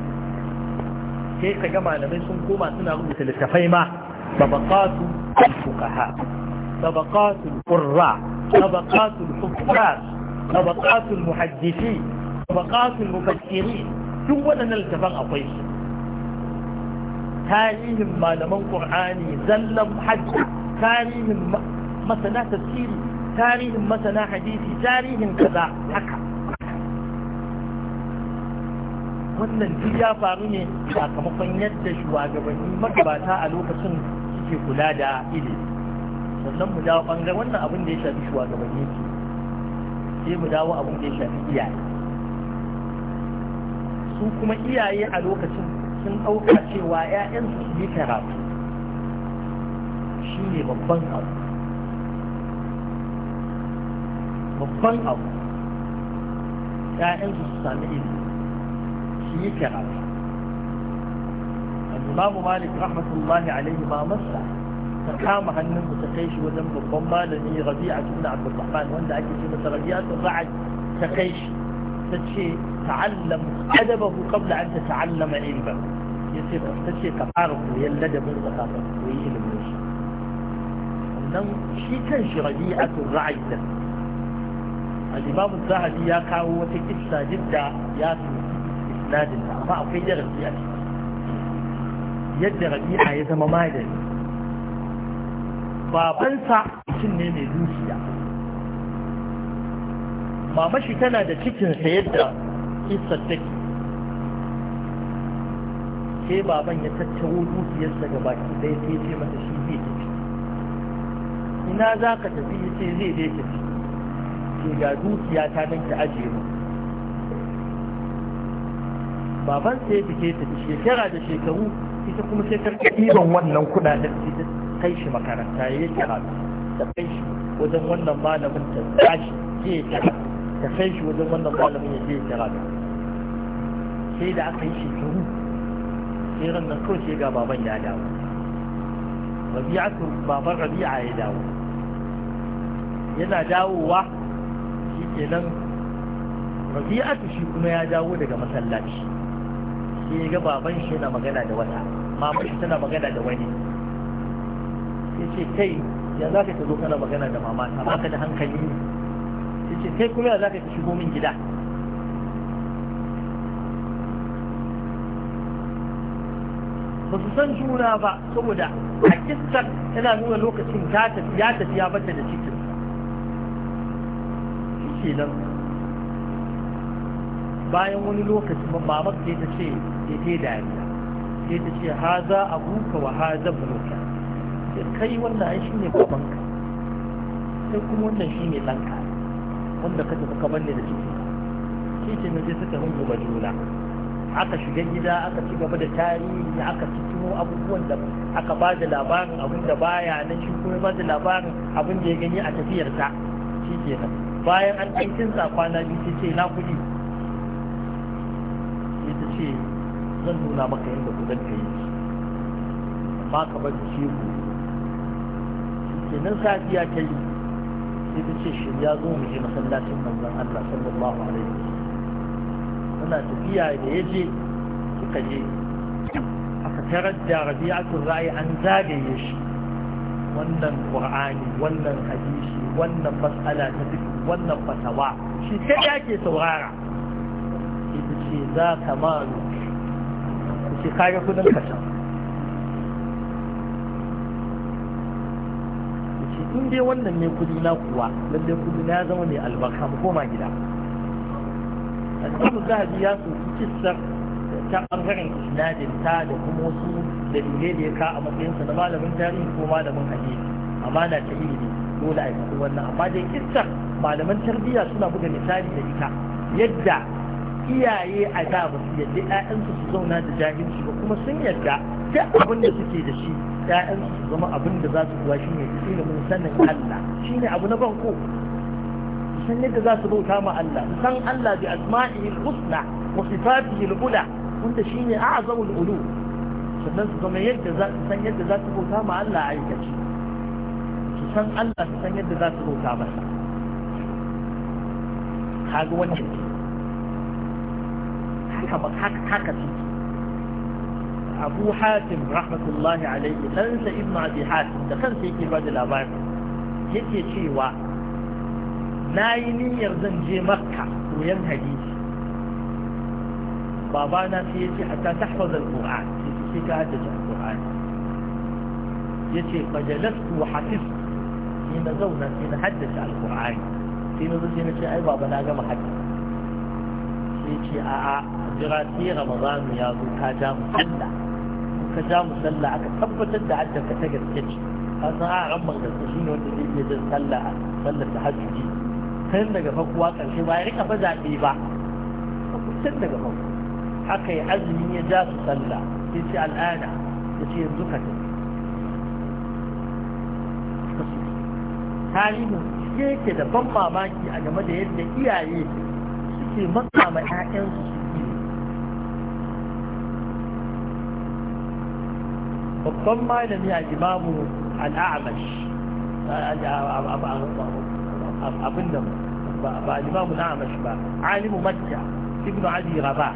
sai kaga malamai sun koma suna rubuta littafai ma tabaqatu al-fuqaha tabaqatu al-qurra tabaqatu al tabaqatu muhaddisi tabaqatu al duk waɗannan littafan akwai su tarihin malaman qur'ani zallan hajji tarihin masana tafsiri tarihin masana hadisi tarihin kaza haka wannan duk ya faru ne sakamakon yadda shugabanni magabata a lokacin suke kula da ilimi sannan mu dawo bangare wannan abin da ya shafi shugabanni sai mu dawo abin da ya shafi iyaye su kuma iyaye a lokacin sun ɗauka cewa 'ya'yansu su yi karatu shi ne babban abu وقال أو سائل الصالحين في كرام الإمام مالك رحمة الله عليه ما مسع فقام عنه متقيش ودم بقمة لني غبيعة ابن عبد الرحمن وانا أجل في مسرقية تضعج تقيش تتشي تعلم أدبه قبل أن تتعلم علمه يصير تتشي تعارف ويلد من الثقافة ويهلم نشي أنه شيكا جريعة الرعي تتشي al-imamu zahabi ya kawo wata kissa jidda ya su isnadin amma akwai darasi a ciki yadda rabi'a ya zama magani babansa mutum ne mai dukiya mama shi tana da cikinsa yadda kissa take sai baban ya tattaro dukiyarsa ga baki ɗaya sai ce mata shi zai tafi ina za ka tafi ya ce zai dai tafi ce ga dukiya ta nan ta ajiye mu baban sai ya fice ta shekara da shekaru ita kuma sai karka ɗiban wannan kuɗaɗen ta kai shi makaranta ya yi ta kai shi wajen wannan malamin ta tashi je karatu ta kai shi wajen wannan malamin ya je karatu sai da aka yi shekaru sai ran nan kawai sai ga baban ya dawo rabi'atu baban rabi'a ya dawo yana dawowa shi kenan rabi'atu shi kuma ya dawo daga masallaci sai ya ga baban shi yana magana da wata mamar shi tana magana da wani ya ce kai ya za ka zo kana magana da mama ta baka da hankali ya ce kai kuma ya za ka shigo min gida ba su san juna ba saboda a kistar yana nuna lokacin ya tafi ya bata da cikin ke nan bayan wani lokaci mamar sai ta ce ya ce dariya sai ta ce ha za a buka wa ha za buka sai kai wannan an shi ne babanka sai kuma wannan shi ne ɗanka wanda ka tafi kaban ne da ciki shi ce na je suka ba juna aka shiga gida aka ci gaba da tarihi aka tuno abubuwan da aka ba da labarin abin da baya nan shi kuma ba da labarin abin da ya gani a tafiyarta shi nan bayan an ɗankin sa kwana biyu ta ce na kuɗi Ita ce zan nuna maka yadda kuɗin ka yi amma ka bar da shi kenan safiya ta yi sai ta ce shirya zo mu je masallacin manzon Allah sallallahu alaihi wasallam muna tafiya da yaje suka je aka tarar da rabi'atul ra'i an zagaye shi wannan qur'ani wannan hadisi wannan mas'ala ta duk wannan fatawa shi ta ke saurara ita ce za ka maru? ku ce kare kudin kasan ce in dai wannan ne kudi na kuwa lallai kudi na zama mai albarka mu koma gida al'adu zahabi ya soki kissar ta ɓangaren isnadin ta da kuma wasu da dalilai da ya ka a matsayinsa na malamin tarihi ko malamin hadisi na ta ilimi dole a yi wannan amma dai kissar malaman tarbiyya suna buga misali da ita yadda iyaye a da ba su yadda ƴaƴansu su zauna da jahilci ba kuma sun yadda duk abin da suke da shi ƴaƴansu su zama abin da za su kuwa shi ne ilimin sanin Allah shi ne abu na banko san yadda za su bauta ma Allah san Allah bi asma'ihi al-husna wa sifatihi al-ula wanda shine a'zamul ulu sannan su zama yadda za su san yadda za su bauta ma Allah a aikace su san Allah su san yadda za su bauta masa kaga wancan haka ba haka ce abu hatim rahmatullahi alaihi ɗansa ibn abi hatim da kansa yake ba da labari yake cewa na yi niyyar zan je makka koyan hadisi babana sai ya ce hatta ta hafazar ƙura'an sai ka haddace ƙura'an ya ce fajalastu wa hafiz sai na zauna sai na haddace al-ƙura'ani sai na sai na ce ai baba na gama haɗi sai ce a'a jira sai ramadanu ya zo ka ja mu sallah ka ja mu sallah aka tabbatar da hadda ka ta gaske ce ka san a ramar gaske ne wanda zai iya jin sallah sallar ta hajji tun daga fakuwa karshe ba ya rika ba zaɓe ba tun daga fakuwa haka yi azumin ya ja su sallah sai ce al'ada ya ce yanzu ka tafi tarihin gaske yake da ban mamaki a game da yadda iyaye suke matsa ma 'ya'yansu su babban malami a imamu al'amash abin da ba imamu al'amash ba alimu makka ibn adi rabah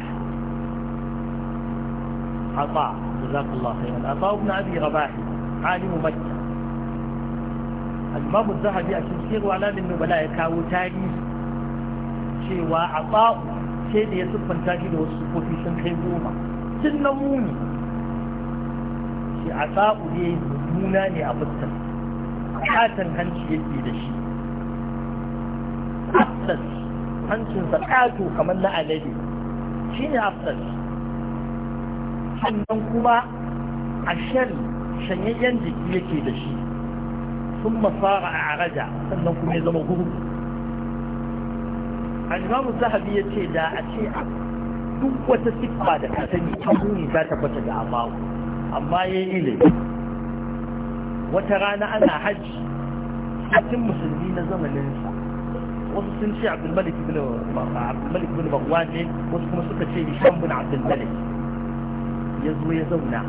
عطاء جزاك الله خيرا عطاء ابن ابي رباح عالم مكه al-Imam az-Zahabi a cikin Sirru Alamin Nubala ya kawo tarihi cewa a ba'u sai da ya siffanta shi da wasu sufofi sun kai goma sun na muni shi a ba'u ne muna ne a fuskar katon hanci yake da shi Aftas hancinsa ƙato kamar na alade shi ne aftas. sannan kuma a shan shanyayyen jiki yake da shi sun masara a araja sannan kuma ya zama guru alimamu zahabi ya ce da a ce a duk wata siffa da ka sani ta muni za ta fata da amawu amma ya yi ilimi wata rana ana hajji cikin musulmi na zamaninsa wasu sun ce abdulmalik bin marwan ne wasu kuma suka ce hisham bin abdulmalik ya zo ya zauna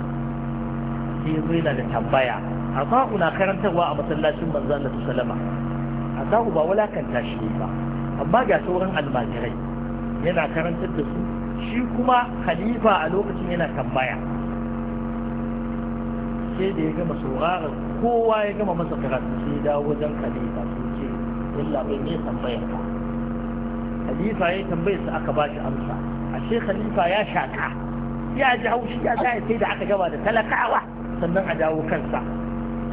sai ya zo yana da tambaya ata'u na karantarwa a masallacin manzo Allah sallama ata'u ba walakanta shi ba amma ga sauran almajirai yana karantar da su shi kuma khalifa a lokacin yana tambaya sai da ya gama sauraron kowa ya gama masa karatu sai ya dawo wajen khalifa su ce illa bai ne tambayar ka khalifa ya tambaye su aka ba shi amsa ashe khalifa ya shaka ya ji haushi ya sai da aka gaba da talakawa sannan a dawo kansa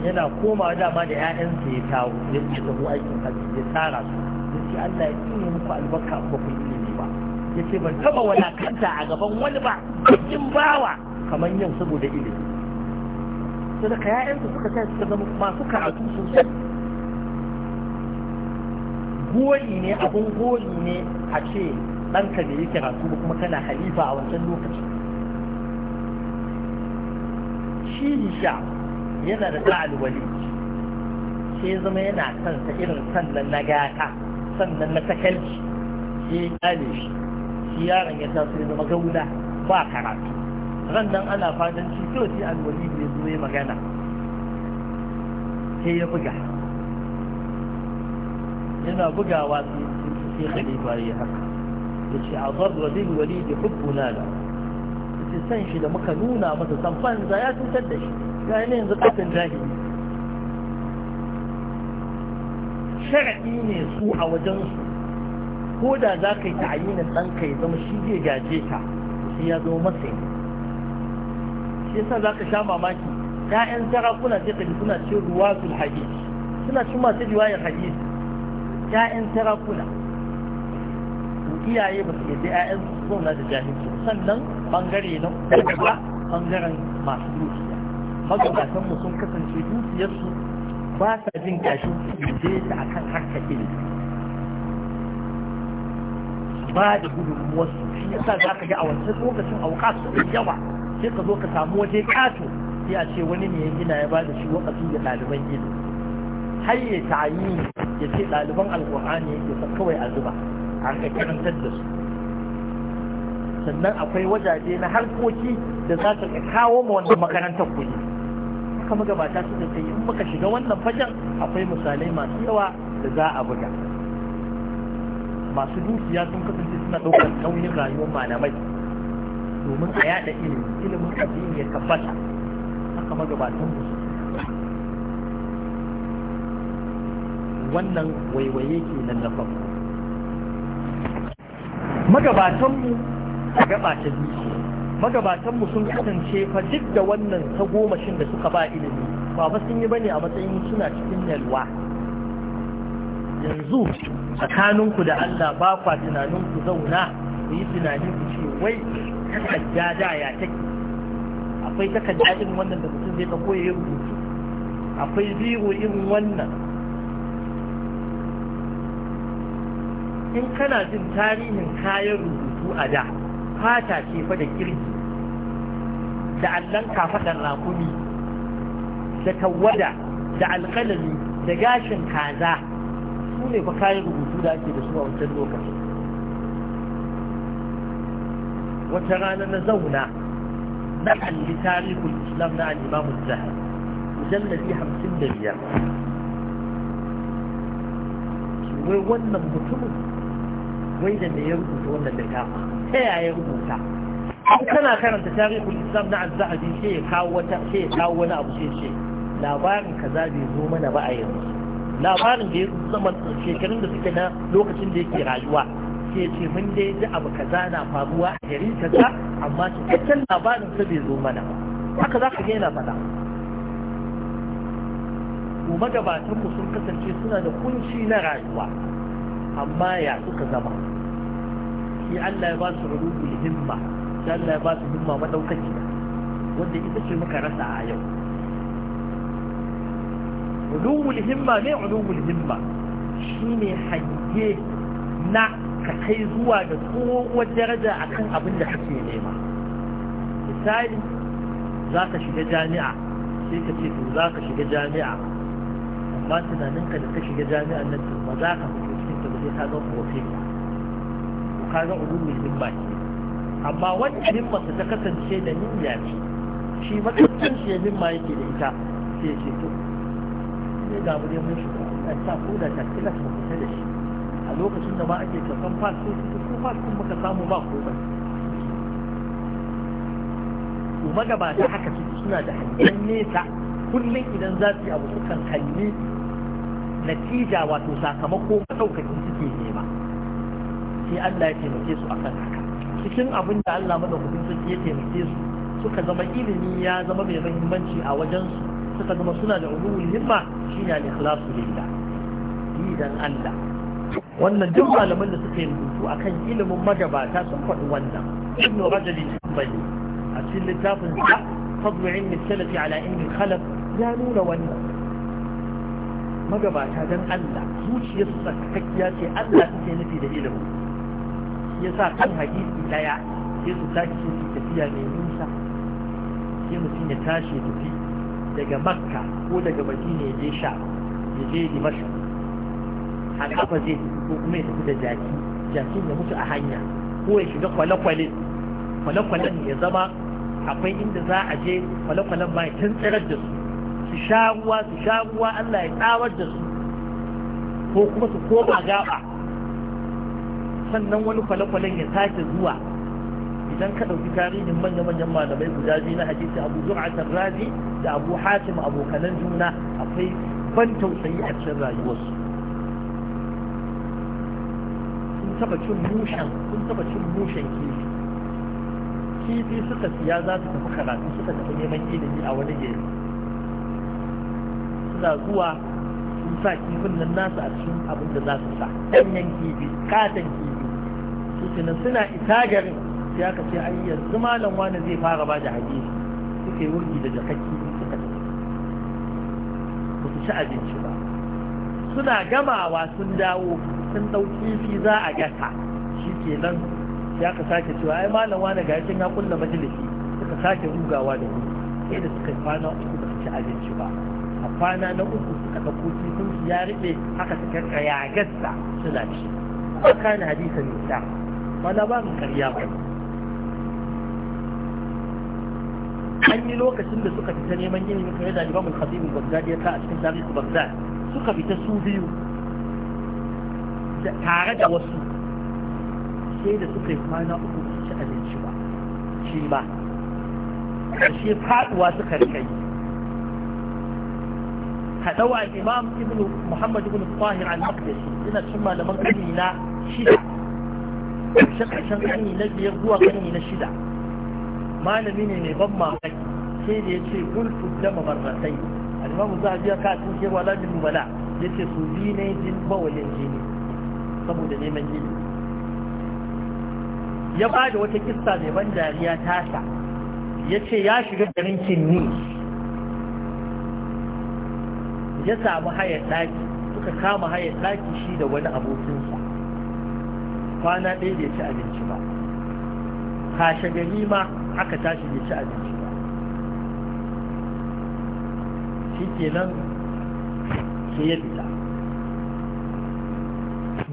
yana komawa dama da 'ya'yansa ya tawo ya ce taho aikin hajji ya tara su ya ce Allah ya tsine muku albarka ba ku ilimi ba ya ce ban taba wadakanta a gaban wani ba in bawa kamar yau saboda ilimi to daga 'ya'yansa suka sai suka zama masu karatu sosai goli ne abun goli ne a ce ɗanka da yake karatu kuma kana halifa a wancan lokaci shi sha yana da sa'al wali sai zama yana son ta irin sannan na gata sannan na takalci sai ya kyale shi shi yaron ya taso ya zama gauna ba karatu ran nan ana fadan ci to sai alwali ne zo ya magana sai ya buga yana bugawa sai khalifa ya haka ya ce a da bil wali da hubbuna da san shi da muka nuna masa san banza ya cutar da shi ga ne yanzu katin jahili sharaɗi ne su a wajensu ko da za ka yi ta'ayinin ɗanka ya zama shi zai gaje ka sai ya zama matsayi shi yasa za ka sha mamaki ‘ya'yan sarakuna sai ka ji suna cin ruwa sul hadisi suna cin masu riwayar hadisi ‘ya'yan sarakuna iyaye ba su yadda ‘ya'yan su zauna da jahilci sannan bangare na ba bangaren masu dukiya mu sun kasance dukiyarsu ba sa jin gashi su ta akan harkar ilimi ba da wasu shi yasa za ka ga a wancan lokacin auka su da yawa sai ka zo ka samu waje kato sai a ce wani ne ya gina ya ba da shi wakati da ɗaliban ido har ya ta'ayi ya ce ɗaliban alƙur'ani ya san kawai a zuba a ga karantar da su sannan akwai wajaje na harkoki da za ka kawo ma wannan makarantar kuɗi haka magabata su da in muka shiga wannan fagen akwai misalai masu yawa da za a buga masu dukiya sun kasance suna ɗaukar nauyin rayuwar malamai domin a yada ilimi ilimin addini ya tabbata haka magabatan su wannan waiwaye ke magabatan mu a gaba ta dukiya magabatanmu sun kasance fa duk da wannan ta gomashin da suka ba ilimi ba ba sun yi bane a matsayin suna cikin yalwa yanzu tsakaninku da Allah ba kwa tunanin ku zauna ku yi tunanin ku ce wai takarda da ya take akwai takarda irin wannan da mutum zai ɗauko ya rubutu akwai biro irin wannan in kana jin tarihin kayan rubutu a da fata ce fa da kirki da allon kafaɗar rakumi da tawada da alƙalami da gashin kaza su ne fa kayan rubutu da ake da su a wancan lokacin wata rana na zauna na kalli tarihul islam na al'imamu zahar mujallabi hamsin da biyar wai wannan mutumin wai da me ya rubuta wannan littafin ta yaya rubuta kana karanta tarihul islam na azzahabi ce ya kawo wata sai ya kawo wani abu ce ce labarin kaza bai zo mana ba a yanzu labarin da ya zama shekarun da suke na lokacin da yake rayuwa ke ce mun dai ji abu kaza na faruwa a yarin kaza amma cikakken labarin sa bai zo mana ba haka za ka ga yana kuma magabatan ku sun kasance suna da kunci na rayuwa amma ya suka zama sai Allah ya ba su rubu himma sai Allah ya ba su himma madaukaki wanda ita ce muka rasa a yau ulumul himma ne ulumul himma shine hange na ka kai zuwa da tsohuwar daraja akan abin da kake nema misali za ka shiga jami'a sai ka ce to za ka shiga jami'a amma tunaninka da ka shiga jami'a nan ba za ka fito cikin ta ba sai ka ga kofi Ka ga ubun mai himma ce amma wanda himmarsa ta kasance da niyya ce shi matsatsin shi ya himma yake da ita sai ce to ne ga mu dai mun shi a sa ko da kila ta kusa da shi a lokacin da ba ake karɓar su ko fasko muka samu ba ko ba kuma da ba ta haka suke suna da hangen nesa kullum idan za su yi abu sukan kalli natija wato sakamako maɗaukaki suke nema sai Allah ya taimake su akan haka cikin abin da Allah madaukakin sarki ya taimake su suka zama ilimi ya zama mai muhimmanci a wajen su suka zama suna da ulul himma shine al-ikhlasu lillah yi Allah wannan duk malaman da suka yi rubutu akan ilimin magabata sun faɗi wannan ibnu rajab bai a cikin littafin sa fadlu ilmi salafi ala ilmi khalaf ya nuna wannan magabata dan Allah zuciyarsu tsakakkiya ce Allah take nufi da ilimin ya sa kan hadisi daya sai su tashi su tafiya mai nisa sai mutum ya tashi ya tafi daga makka ko daga madina ya je sha ya je dimashin har kafa zai tafi ko kuma ya tafi da jaki jakin ya mutu a hanya ko ya shiga kwale-kwale kwale-kwalen ya zama akwai inda za a je kwale-kwalen ma ya tantsarar da su su sha ruwa su sha ruwa Allah ya tsawar da su ko kuma su koma gaba sannan wani kwale-kwalen ya sake zuwa idan ka ɗauki tarihin manya-manyan malamai guda biyu na hadisi abu zur'atar razi da abu hatim abokanan juna akwai ban tausayi a cikin rayuwarsu sun taɓa cin mushen sun taba cin mushen kifi kifi suka siya za su tafi karatu suka tafi neman ilimi a wani gari suna zuwa sun sa kifin nan nasu a cikin abin da za su sa ɗanyen kifi katon kifi suke suna isa garin sai aka ce ai yanzu malam wani zai fara ba da hadisi Suke yi wurgi da jakakki suka tafi ba su ci abinci ba suna gamawa sun dawo sun ɗauki fi za a gasa shi ke nan sai aka sake cewa ai malam wani ga shi ya kulla majalisi suka sake rugawa da ku sai da suka kwana uku ba su ci abinci ba a kwana na uku suka ɗauko kifin su ya riɓe haka su karkaya gasta suna ci. Kana hadisan nisa amma labarin karya ba an yi lokacin da suka fita neman yin ilimi kamar da limamin khatibu bagdad ya ta a cikin tarihi bagdad suka fita su biyu tare da wasu sai da suka yi kwana uku su ci abinci ba shi ba ƙarshe faɗuwa suka rika yi haɗawa imam ibn muhammad ibn tahir al-maqdisi ina cin malaman ƙarni na shida ƙarshe-ƙarshen na biyar zuwa ƙarni na shida malami ne mai ban mamaki sai da ya ce gulfu da mabarratai alimamu za a biya ka cikin shewa lajin mubala ya ce su bi ne jin bawalin jini saboda neman jini ya ba da wata kista mai ban dariya tasa ya ce ya shiga garin kinni ya samu hayar ɗaki suka kama hayar ɗaki shi da wani abokinsa kwana ɗaya bai ci abinci ba kashe gari ma aka tashi bai ci abinci ba shi kenan ke ya fita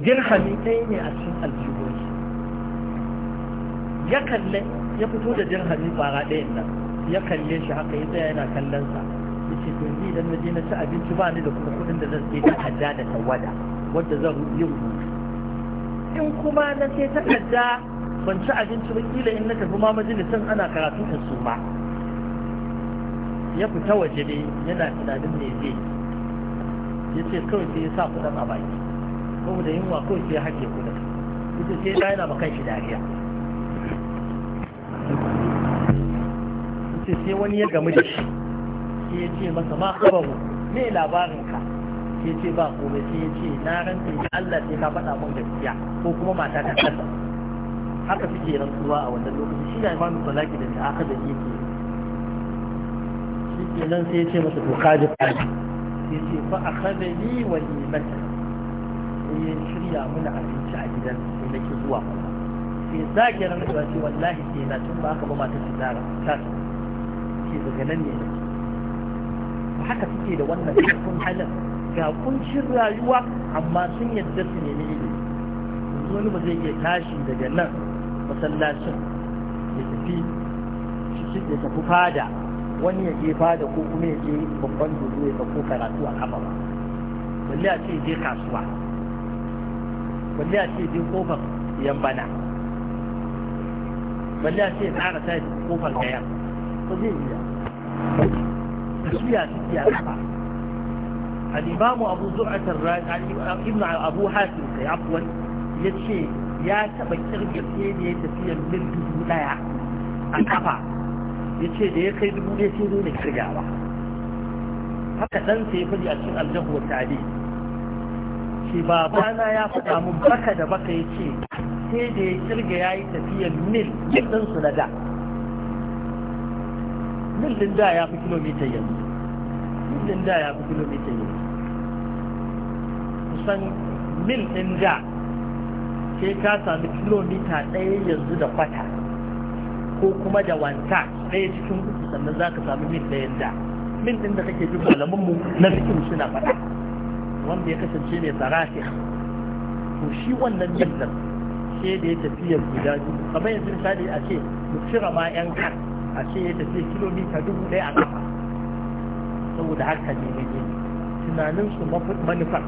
dirhami ɗaya ne a cikin aljihunsa ya kalle ya fito da dirhami ƙwara ɗayan nan ya kalle shi haka ya tsaya yana kallon sa ya ce to ni idan na je na ci abinci ba ni da kuma kuɗin da zan sai ta hajja da tawada wadda zan yi rubutu in kuma na sai takarda ban ci abinci ba kila in na tafi ma majalisin ana karatu ta su ma ya fita waje ne yana tunanin me zai ya ce kawai sai ya sa kudan a baki da yunwa kawai sai ya haɗe ya ce sai yana makan shi dariya ce sai wani ya gamu da shi sai ya ce masa ma kabaru me labarinka sai ce ba komai sai ya ce na rantse da Allah sai ka faɗa mun gaskiya ko kuma mata ta kasa haka suke rantsuwa a wannan lokaci shi da imamu salaki da ta'aka da yake shi ke nan sai ya ce masa to kaji kaji sai ce fa akhadha li wa li mata sai ya shirya mana abinci a gidan sai nake zuwa sai zaki ran da ce wallahi sai na tun ba haka ba mata ta tsara ta ce daga nan ne haka suke da wannan cikin halin ga kuncin rayuwa amma sun yadda su nemi ilimi wani ba zai iya tashi daga nan masallacin ya tafi shi ya tafi fada wani ya je fada ko kuma ya je babban dodo ya tafi karatu a kafa ba balle a ce je kasuwa balle a ce je kofar yambana bana balle a ce tsara ta kofar kayan ko zai iya tafiya tafiya kafa al'imamu abu zur'atar ibn abu hatim kai abuwan ya ce ya taɓa kirgir sai da mil dubu ɗaya a kafa ya ce da ya kai dubu ɗaya sai dole kirgawa haka ɗan sai ya faɗi a cikin aljahu wa tare shi babana ya faɗa mun baka da baka ya ce sai da kirga ya yi tafiya mil mil ɗinsu na da mil ɗin da ya fi kilomita yanzu yanzu kusan mil ɗin da sai ka sami kilomita ɗaya yanzu da kwata ko kuma da wanta ɗaya cikin uku sannan za ka sami mil ɗaya da mil ɗin da kake jin malamanmu na cikin suna faɗa wanda ya kasance mai tsarafi to shi wannan mil ɗin sai da ya ya guda biyu kamar yanzu misali a ce mu cire ma 'yan kan a ce ya tafi kilomita dubu ɗaya a kafa saboda haka ne ne tunaninsu manufar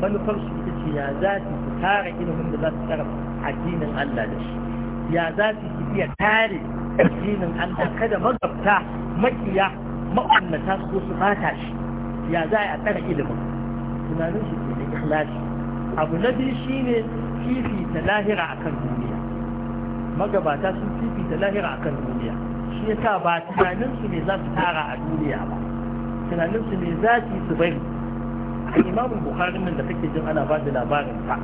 manufar su ita ce ya za su tara ilimin da za su tsara addinin Allah da shi ya za su iya tare addinin Allah kada magabta makiya ma'annata su su bata shi ya za a tsara ilimin tunanin shi ke da ikhlasi abu na biyu shine fifita lahira akan duniya magabata sun fifita lahira akan duniya shi sa ba tunaninsu ne za su tara a duniya ba Tunaninsu ne za su yi su bari imamu bukhari nan da kake jin ana ba da labarin sa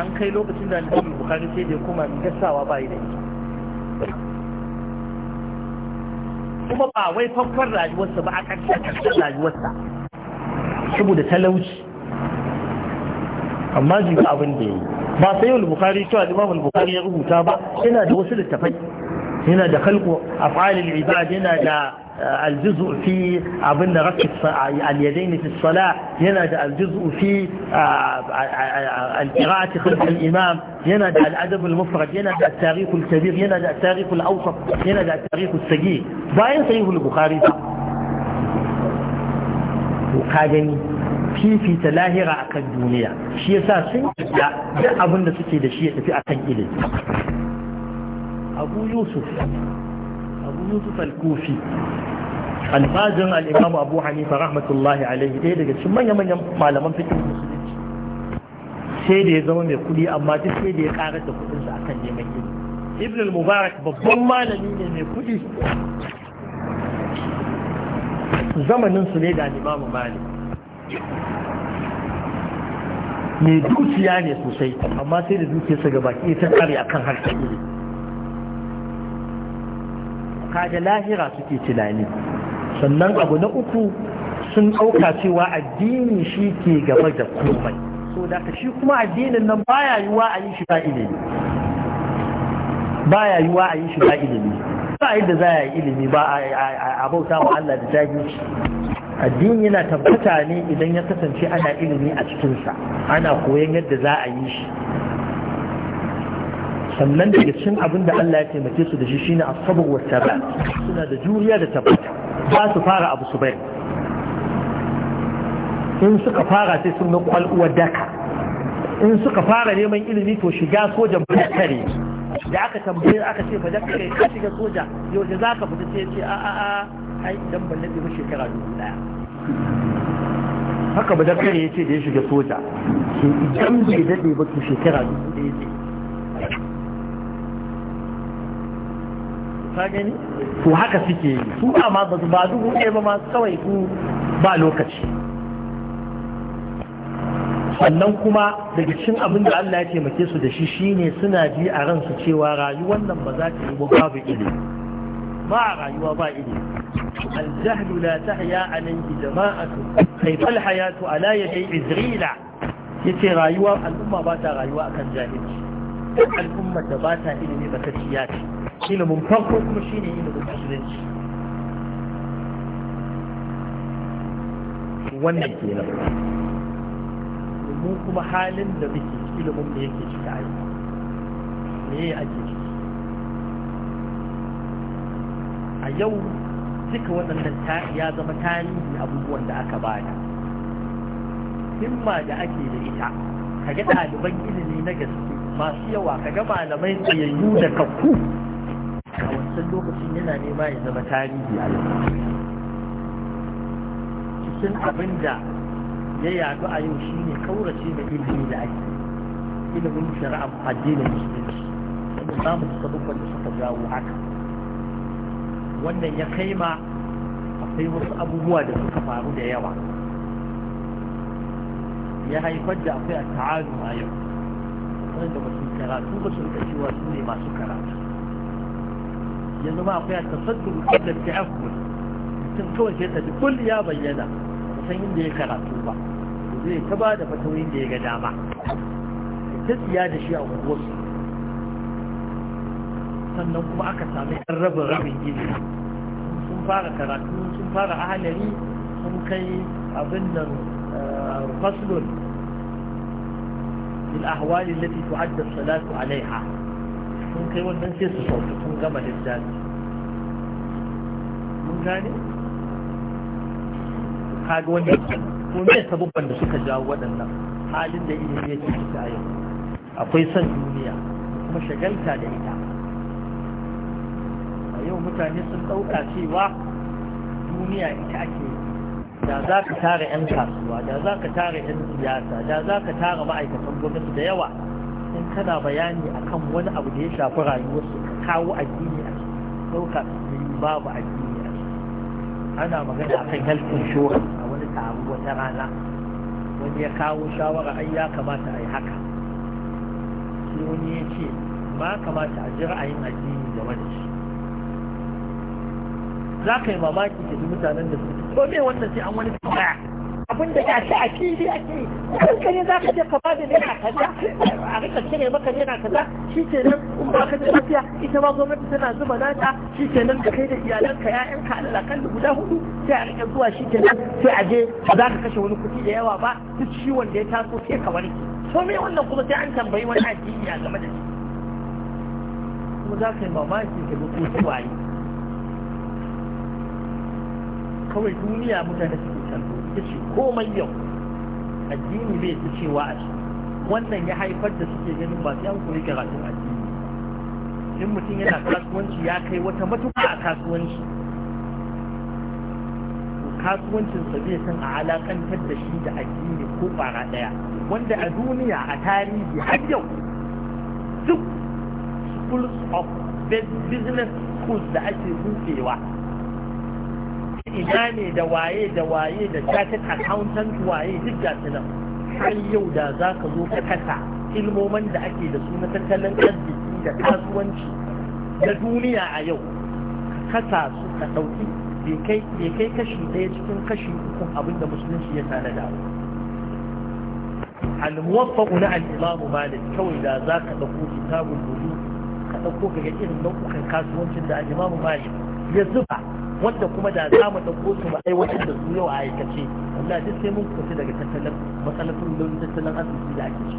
an kai lokacin da imamu bukhari sai da kuma gasawa bayi da ita kuma ba wai farkon rayuwarsa ba a ƙarshen ƙarshen rayuwarsa saboda talauci amma ji ba abin da ya yi ba sai yau bukari cewa imam bukari ya rubuta ba yana da wasu littafai yana da khalqu af'alil ibad yana da الجزء في أبن رفع اليدين في الصلاة ينادى الجزء في القراءة خلف الإمام ينادى الأدب المفرد ينادى التاريخ الكبير ينادى التاريخ الأوسط ينادى التاريخ السجيل باين صحيح البخاري وقادني في في تلاهرة أكد دنيا شيء ساسين أبن سكي لشيء في أكد إليه أبو يوسف أبو يوسف الكوفي almajin al'imamu abu hanifa rahmatullahi alaihi ɗaya daga cikin manya-manyan malaman fikin musulunci sai da ya zama mai kuɗi amma duk sai da ya ƙarar da kuɗinsa akan neman ilimi ibn al-mubarak babban malami ne mai kuɗi zamanin su ne da imamu malik mai dukiya ne sosai amma sai da dukiyarsa ga baki ta kare akan harkar ilimi kaga lahira suke tunani sannan abu na uku sun ɗauka cewa addini shi ke gaba da komai so da shi kuma addinin nan baya wa a yi shi ba ilimi baya wa a yi shi ba ilimi ba yadda za a yi ilimi ba a bauta wa Allah da shi. addini yana tabbata ne idan ya kasance ana ilimi a cikinsa ana koyon yadda za a yi shi sannan daga cin abin da Allah ya taimake su da shi shine asabar wa tabat suna da juriya da tabbata ba su fara abu su bai in suka fara sai sun nukwal al'uwa daka in suka fara neman ilimi to shiga sojan ba kare da aka tambaye aka ce fa da kai ka shiga soja yau da zaka fita sai ce a a a ai dan ban nade ba shekara dubu daya haka ba da kare yace da ya shiga soja idan bai dade ba to shekara dubu daya ce ka gani to haka suke yi su amma ba ba dubu ɗaya ba ma kawai ba lokaci sannan kuma daga cikin abin da Allah ya taimake su da shi shine suna ji a ransu cewa rayuwar nan ba za ta yi ba babu ilimi ba rayuwa ba ilimi الجهل لا تحيا عليه جماعة كيف الحياة على يدي عزريل يتي رايوة الأمة باتا رايوة كان جاهل الأمة باتا إلمي بكتياتي ilimin farko kuma shi ne shine ilimin musulunci wannan kenan mu kuma halin da muke ilimin da yake cika ai me ya ake ciki a yau duka waɗannan ya zama tarihi abubuwan da aka bada himma da ake da ita kaga ɗaliban ilimi na gaske masu yawa kaga malamai tsayayyu da kakku a wancan lokacin yana nema ya zama tarihi a cikin abin da ya yadu a yau shine kaurace da ilimi da ake ilimin shari'a addinin musulunci wanda samun sabubban da suka jawo haka wannan ya kai ma akwai wasu abubuwa da suka faru da yawa ya haifar da akwai a a yau wanda ba su karatu ba su rika cewa su ne masu karatu لأنه ما أعطيها التصدق قبل التعفل لكن هو جدا بكل يا بينا وسين لي كرات الله وذي كبادة فتوين لي قدامة جد يا دشياء وغوص سنو معك سامي الرب رب جدا سنفار كرات سنفار أهلي سنكي أبنن آه، فصل للأحوال التي تعد الصلاة عليها sun kai wannan sai su sauka sun gama littafi mun gane kaga wani ko me sabubban da suka jawo waɗannan halin da ilimi ya ce ta yau akwai son duniya kuma shagalta da ita a yau mutane sun ɗauka cewa duniya ita ake da za ka tara 'yan kasuwa da za ka tara 'yan siyasa da za ka tara ma'aikatan gwamnati da yawa in kana bayani akan wani abu da ya shafi rayuwarsu kawo addini a ɗauka babu addini a ana magana akan health insurance a wani taro wata rana wani ya kawo shawara ai ya kamata a yi haka sai wani ya ce ba kamata a jira a yin addini game da shi za ka yi mamaki da mutanen da su ko me wannan sai an wani tambaya abin da gashi a fili ake kanka ne za ka je ka ba da naira kaza a rika cire maka naira kaza shi ke nan in ba ka ci lafiya ita ba gwamnati tana zuba nata shi ke nan da kai da iyalanka ƴaƴanka alaƙalla guda hudu sai a rikar zuwa shi ke nan sai a je ba za ka kashe wani kuɗi da yawa ba duk ciwon da ya taso sai ka warke so me wannan kuma sai an tambayi wani addini a game da shi kuma za ka yi mamaki ka ga ko ciwaye kawai duniya mutane suke canzo ita komai yau addini bai ta cewa a ciki wannan ya haifar da suke ganin ba sai an koyi karatun addini in mutum yana kasuwanci ya kai wata matuƙa a kasuwanci kasuwancinsa zai san a alakantar da shi da addini ko ƙwara ɗaya wanda a duniya a tarihi har yau duk schools of business schools da ake rufewa ina ne da waye da waye da chartered accountant waye duk ga su nan har yau da za ka zo ka kasa ilmomin da ake da su na tattalin arziki da kasuwanci da duniya a yau kasa su ka ɗauki bai kai kashi ɗaya cikin kashi uku abin da musulunci ya tana da al-muwaffaqu na al-imamu malik kawai da za ka dauko kitabun wudu ka dauko ga irin nau'ukan kasuwancin da al-imamu malik ya zuba wanda kuma da za mu ɗauko su ba aiwatar da su yau a aikace Allah duk sai mun kusa daga tattalin matsalolin tattalin arziki da ake ci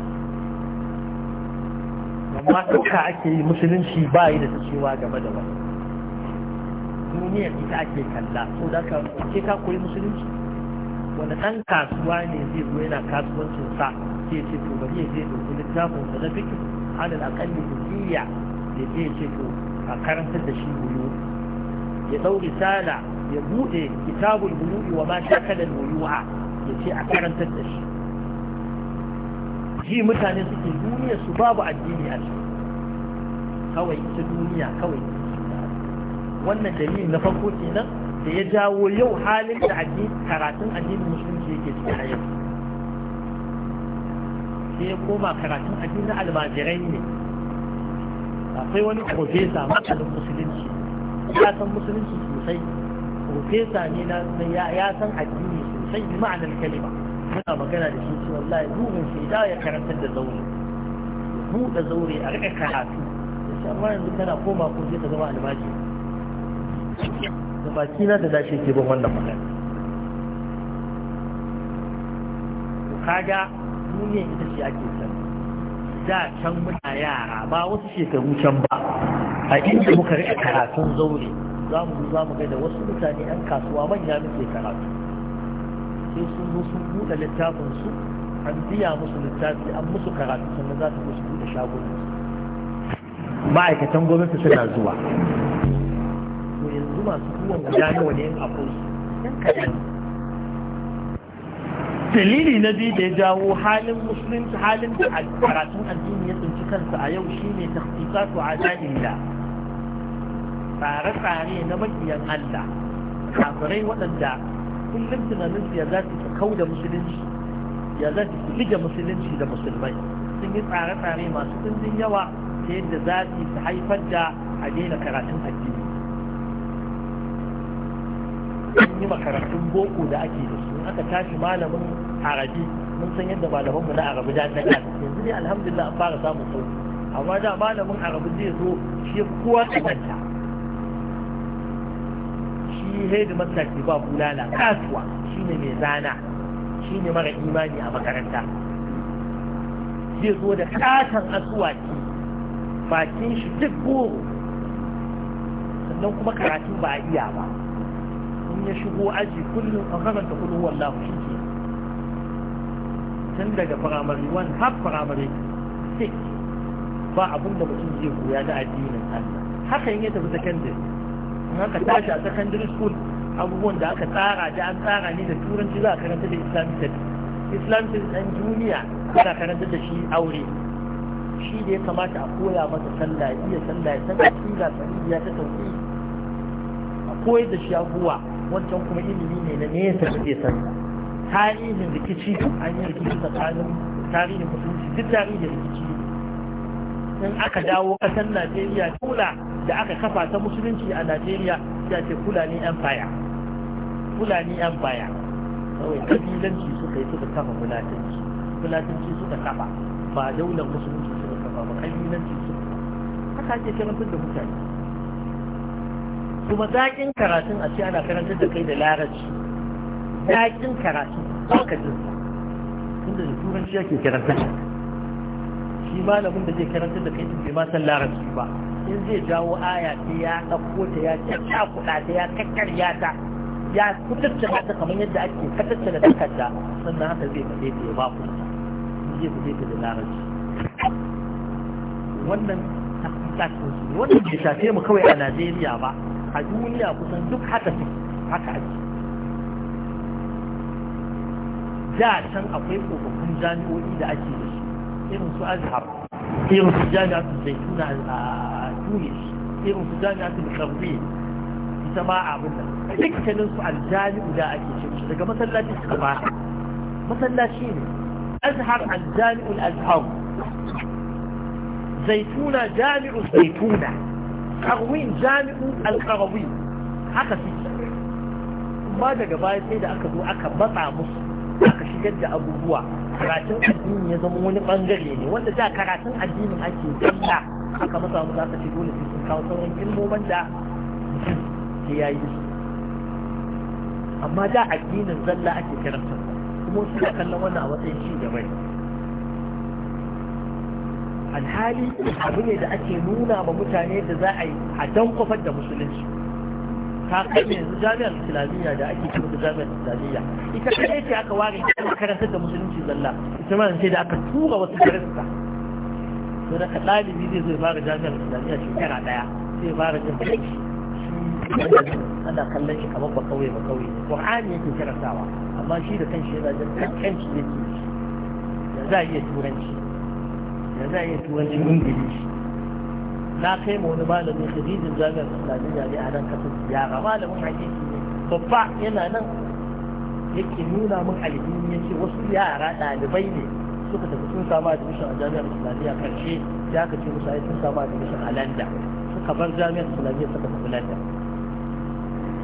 amma ɗauka ake yi musulunci ba yi da ta cewa game da wani duniyar ita ake kalla so da ka ke ka koyi musulunci wani ɗan kasuwa ne zai zo yana kasuwancin sa sai ce to bari ya je ɗauki littafin sa na fikin alal aƙalli hujiyya ya je ce to a karantar da shi biyu ya dau risala ya bude kitabul bulu'i wa ma shakala al-bulu'a ya ce a karantar da shi ji mutane suke duniya su babu addini a shi. kawai ita duniya kawai wannan dalilin na farko kenan da ya jawo yau halin da karatun addinin musulunci yake cikin a yau sai ya koma karatun addinin almajirai ne akwai wani profesa makalin musulunci ya san musulunci sosai profesa ne na ya san addini sosai bi ma'anar kalima muna magana da shi cewa wallahi ruhun shi da ya karantar da zaure buɗe zaure a rika karatu da shi amma yanzu kana koma ko sai ka zama almaji da baki na da dace ke bin wannan magana kaga duniya ita ce ake san da can muna yara ba wasu shekaru can ba a inda muka rika karatun zaure za mu za mu ga da wasu mutane yan kasuwa manya muke karatu sai sun zo sun buɗe littafin su an biya musu littafi an musu karatu sannan za su zo su buɗe shagunan ma'aikatan gwamnati suna zuwa to yanzu masu zuwan guda nawa ne a akwai yan kaɗan dalili na zai da ya jawo halin musulunci halin da karatun addini ya tsinci kansa a yau shi ne takfisa shine takhsisatu azabillah tsare-tsare na makiyan Allah kafirai waɗanda kullum tunanin su ya za su kau da musulunci ya za su fi da musulunci da musulmai sun yi tsare-tsare masu ɗimbin yawa ta yadda za su su haifar da a daina karatun addini sun yi makarantun boko da ake da aka tashi malamin arabi mun san yadda malaman mu na arabi da ta yanzu ne alhamdulillah an fara samun so. amma da malamin arabi zai zo shi kowa tsakanta shi haidu mataki ba bulala kasuwa shine mai zana shine mara imani a makaranta zai zo da katon asuwaki bakin shi duk goro sannan kuma karatu ba a iya ba ya shigo aji kullum a karanta kullu wallahu shi ke tun daga firamare wan har firamare 6 ba abun da mutum zai koya da addinin Allah haka in ya tafi secondary in haka tashi a secondary school abubuwan da aka tsara da an tsara ne da turanci za a karanta da islamic studies islamic studies ɗan duniya ana karanta da shi aure shi da ya kamata a koya masa sallah iya sallah ya san sallah ya ta tauhidi a koyar da shi abubuwa wancan kuma ilimi ne na nesa da zai san tarihin rikici an yi rikici tsakanin tarihin musulunci duk tarihin rikici in aka dawo ƙasar najeriya kula da aka kafa ta musulunci a najeriya ya ce fulani empire fulani empire kawai kabilanci suka yi suka kafa fulatanci fulatanci suka kafa ba daular musulunci suka kafa ba kabilanci suka haka ake karantar da mutane kuma zaƙin karatun a ce ana karantar da kai da larabci zaƙin karatun ba ka jin tunda da turanci yake karantar shi malamin da zai karanta da kai din bai ma san larabci ba in zai jawo aya ta ya ɗauko ta ya caccakuɗa ta ya kakkarya ta ya kutattala ta kamar yadda ake da takarda sannan haka zai faɗe ta ya ba ku zai faɗe ta da larabci wannan ta wannan bai shafe mu kawai a Najeriya ba a duniya kusan duk haka su haka ake da can akwai tsofaffin jami'o'i da ake da su irin su azhar irin su jami'atul zaituna a tunis irin su jami'atul karbi ita ma abin nan dukkanin su aljami'u da ake ce su daga masallaci suka ba masallaci ne azhar aljami'ul azhar zaituna jami'ul zaituna ƙarwin jami'in alƙarawi haka suke Kuma daga baya sai da aka zo aka matsa musu aka shigar da abubuwa karatun addini ya zama wani bangare ne wanda da karatun addinin ake tsalla aka matsa musu aka ce dole sai kawo sauran ilmomin da ke yayi su amma da addinin zalla ake karanta kuma suna kallon wannan a matsayin shi gaba ne alhali abu ne da ake nuna ma mutane da za a yi a dan da musulunci ta kai yanzu jami'ar islamiyya da ake kuma da jami'ar islamiyya ita kai ce aka ware ta makarantar da musulunci zalla ita ma sai da aka tura wasu kirista to da ɗalibi zai zai fara jami'ar islamiyya shekara ɗaya zai fara jin baki ana kallon shi kamar ba kawai ba kawai qur'ani yake karantawa amma shi da kanshi yana jin kanshi yake za a iya turanci da za a iya turancin ingilishi na kai ma wani malamin khadijin jami'ar islamiyya ne a nan kasar yara malamin hakiki ne babba yana nan yake nuna min alhini ya ce wasu yara ɗalibai ne suka tafi sun samu admission a jami'ar a karshe ya ka ce musu ai sun samu admission a landa suka bar jami'ar islamiyya suka tafi landa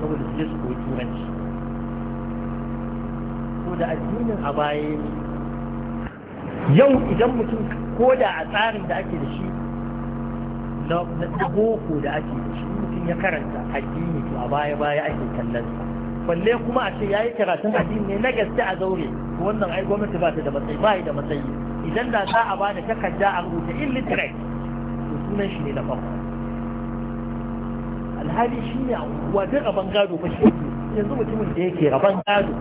saboda su je su koyi turanci saboda addinin a baya yau idan mutum ko da a tsarin da ake da shi na boko da ake da shi mutum ya karanta addini to a baya baya ake kallon sa balle kuma a ce yi karatun addini ne na gaske a zaure wannan ai gwamnati ba ta da matsayi ba da matsayi idan da za a ba da takarda a rubuta illiterate to sunan shi ne na farko alhali shi ne a unguwa duk a bangado fa shi yanzu mutumin da yake raban gado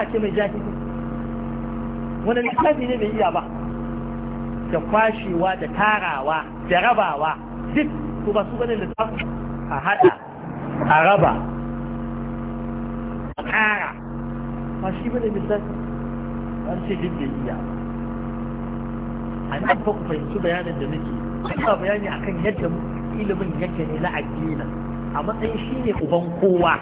a ce mai jahili wani littafi ne bai iya ba da kwashewa da tarawa da rabawa duk ku ba su bane littafi a hada a raba a tara ba shi bane littafi ba ce duk da iya a nan fa ku fahimci bayanin da nake ba bayani akan yadda ilimin yake ne na addinin a matsayin shi ne uban kowa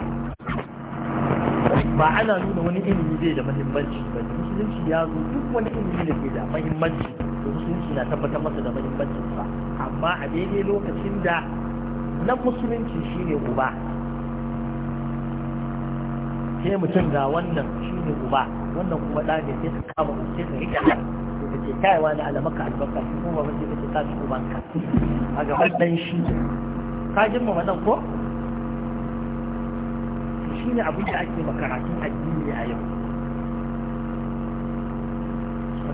ba ana nuna wani ilimi zai da mahimmanci ba musulunci ya zo duk wani ilimi da ke da mahimmanci to musulunci na tabbatar masa da mahimmancin sa amma a daidai lokacin da na musulunci shine uba sai mutum ga wannan shine uba wannan kuma da ne sai ka kama sai ka rike to ka ce wa ni alamaka albarka shi kuma ba sai ka ce ka ci a gaban wannan shi ka jin mu wannan ko shine abin da ake makaratun addini a yau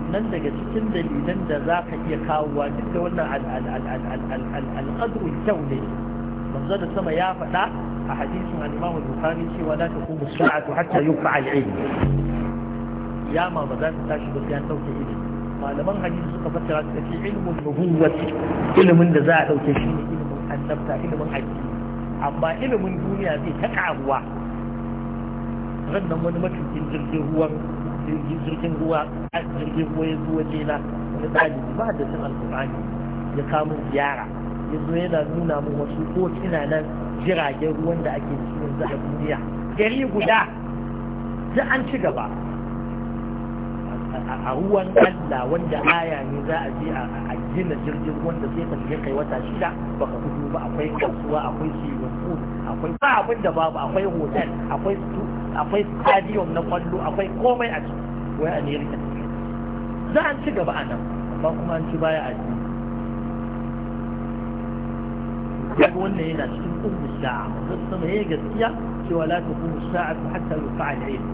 Nan daga cikin dalilan da za ka iya kawowa duk da wannan al'adun kyau ne manzo da sama ya faɗa a hadisin al-Imam Bukhari cewa la taqumu sa'atu hatta yufa al Ya ma ba za ta tashi ba sai an dauke ilimi malaman hadisi suka fassara suka ce ilmun nubuwwati ilimin da za a dauke shi ne ilimin annabta ilimin addini amma ilimin duniya zai ta karuwa rannan wani matukin jirgin ruwan jirgin jirgin ruwa a jirgin ruwa ya zo na wani ɗalibi ba da sun alƙur'ani ya kamo ziyara ya zo yana nuna mu wasu ko ina nan jiragen ruwan da ake cikin yanzu a duniya gari guda da an ci gaba a ruwan Allah wanda aya ne za a je a gina jirgin ruwan da sai ka shiga kai wata shida baka fito ba akwai kasuwa akwai shirin akwai ba abin da babu akwai hotel akwai akwai stadium na kwallo akwai komai a ciki wai america za a ci gaba a nan amma kuma an ci baya a ciki kaga wannan yana cikin kuma sa'a manzo sama yayi gaskiya cewa la taqumu sa'atu hatta yi fa'al ilm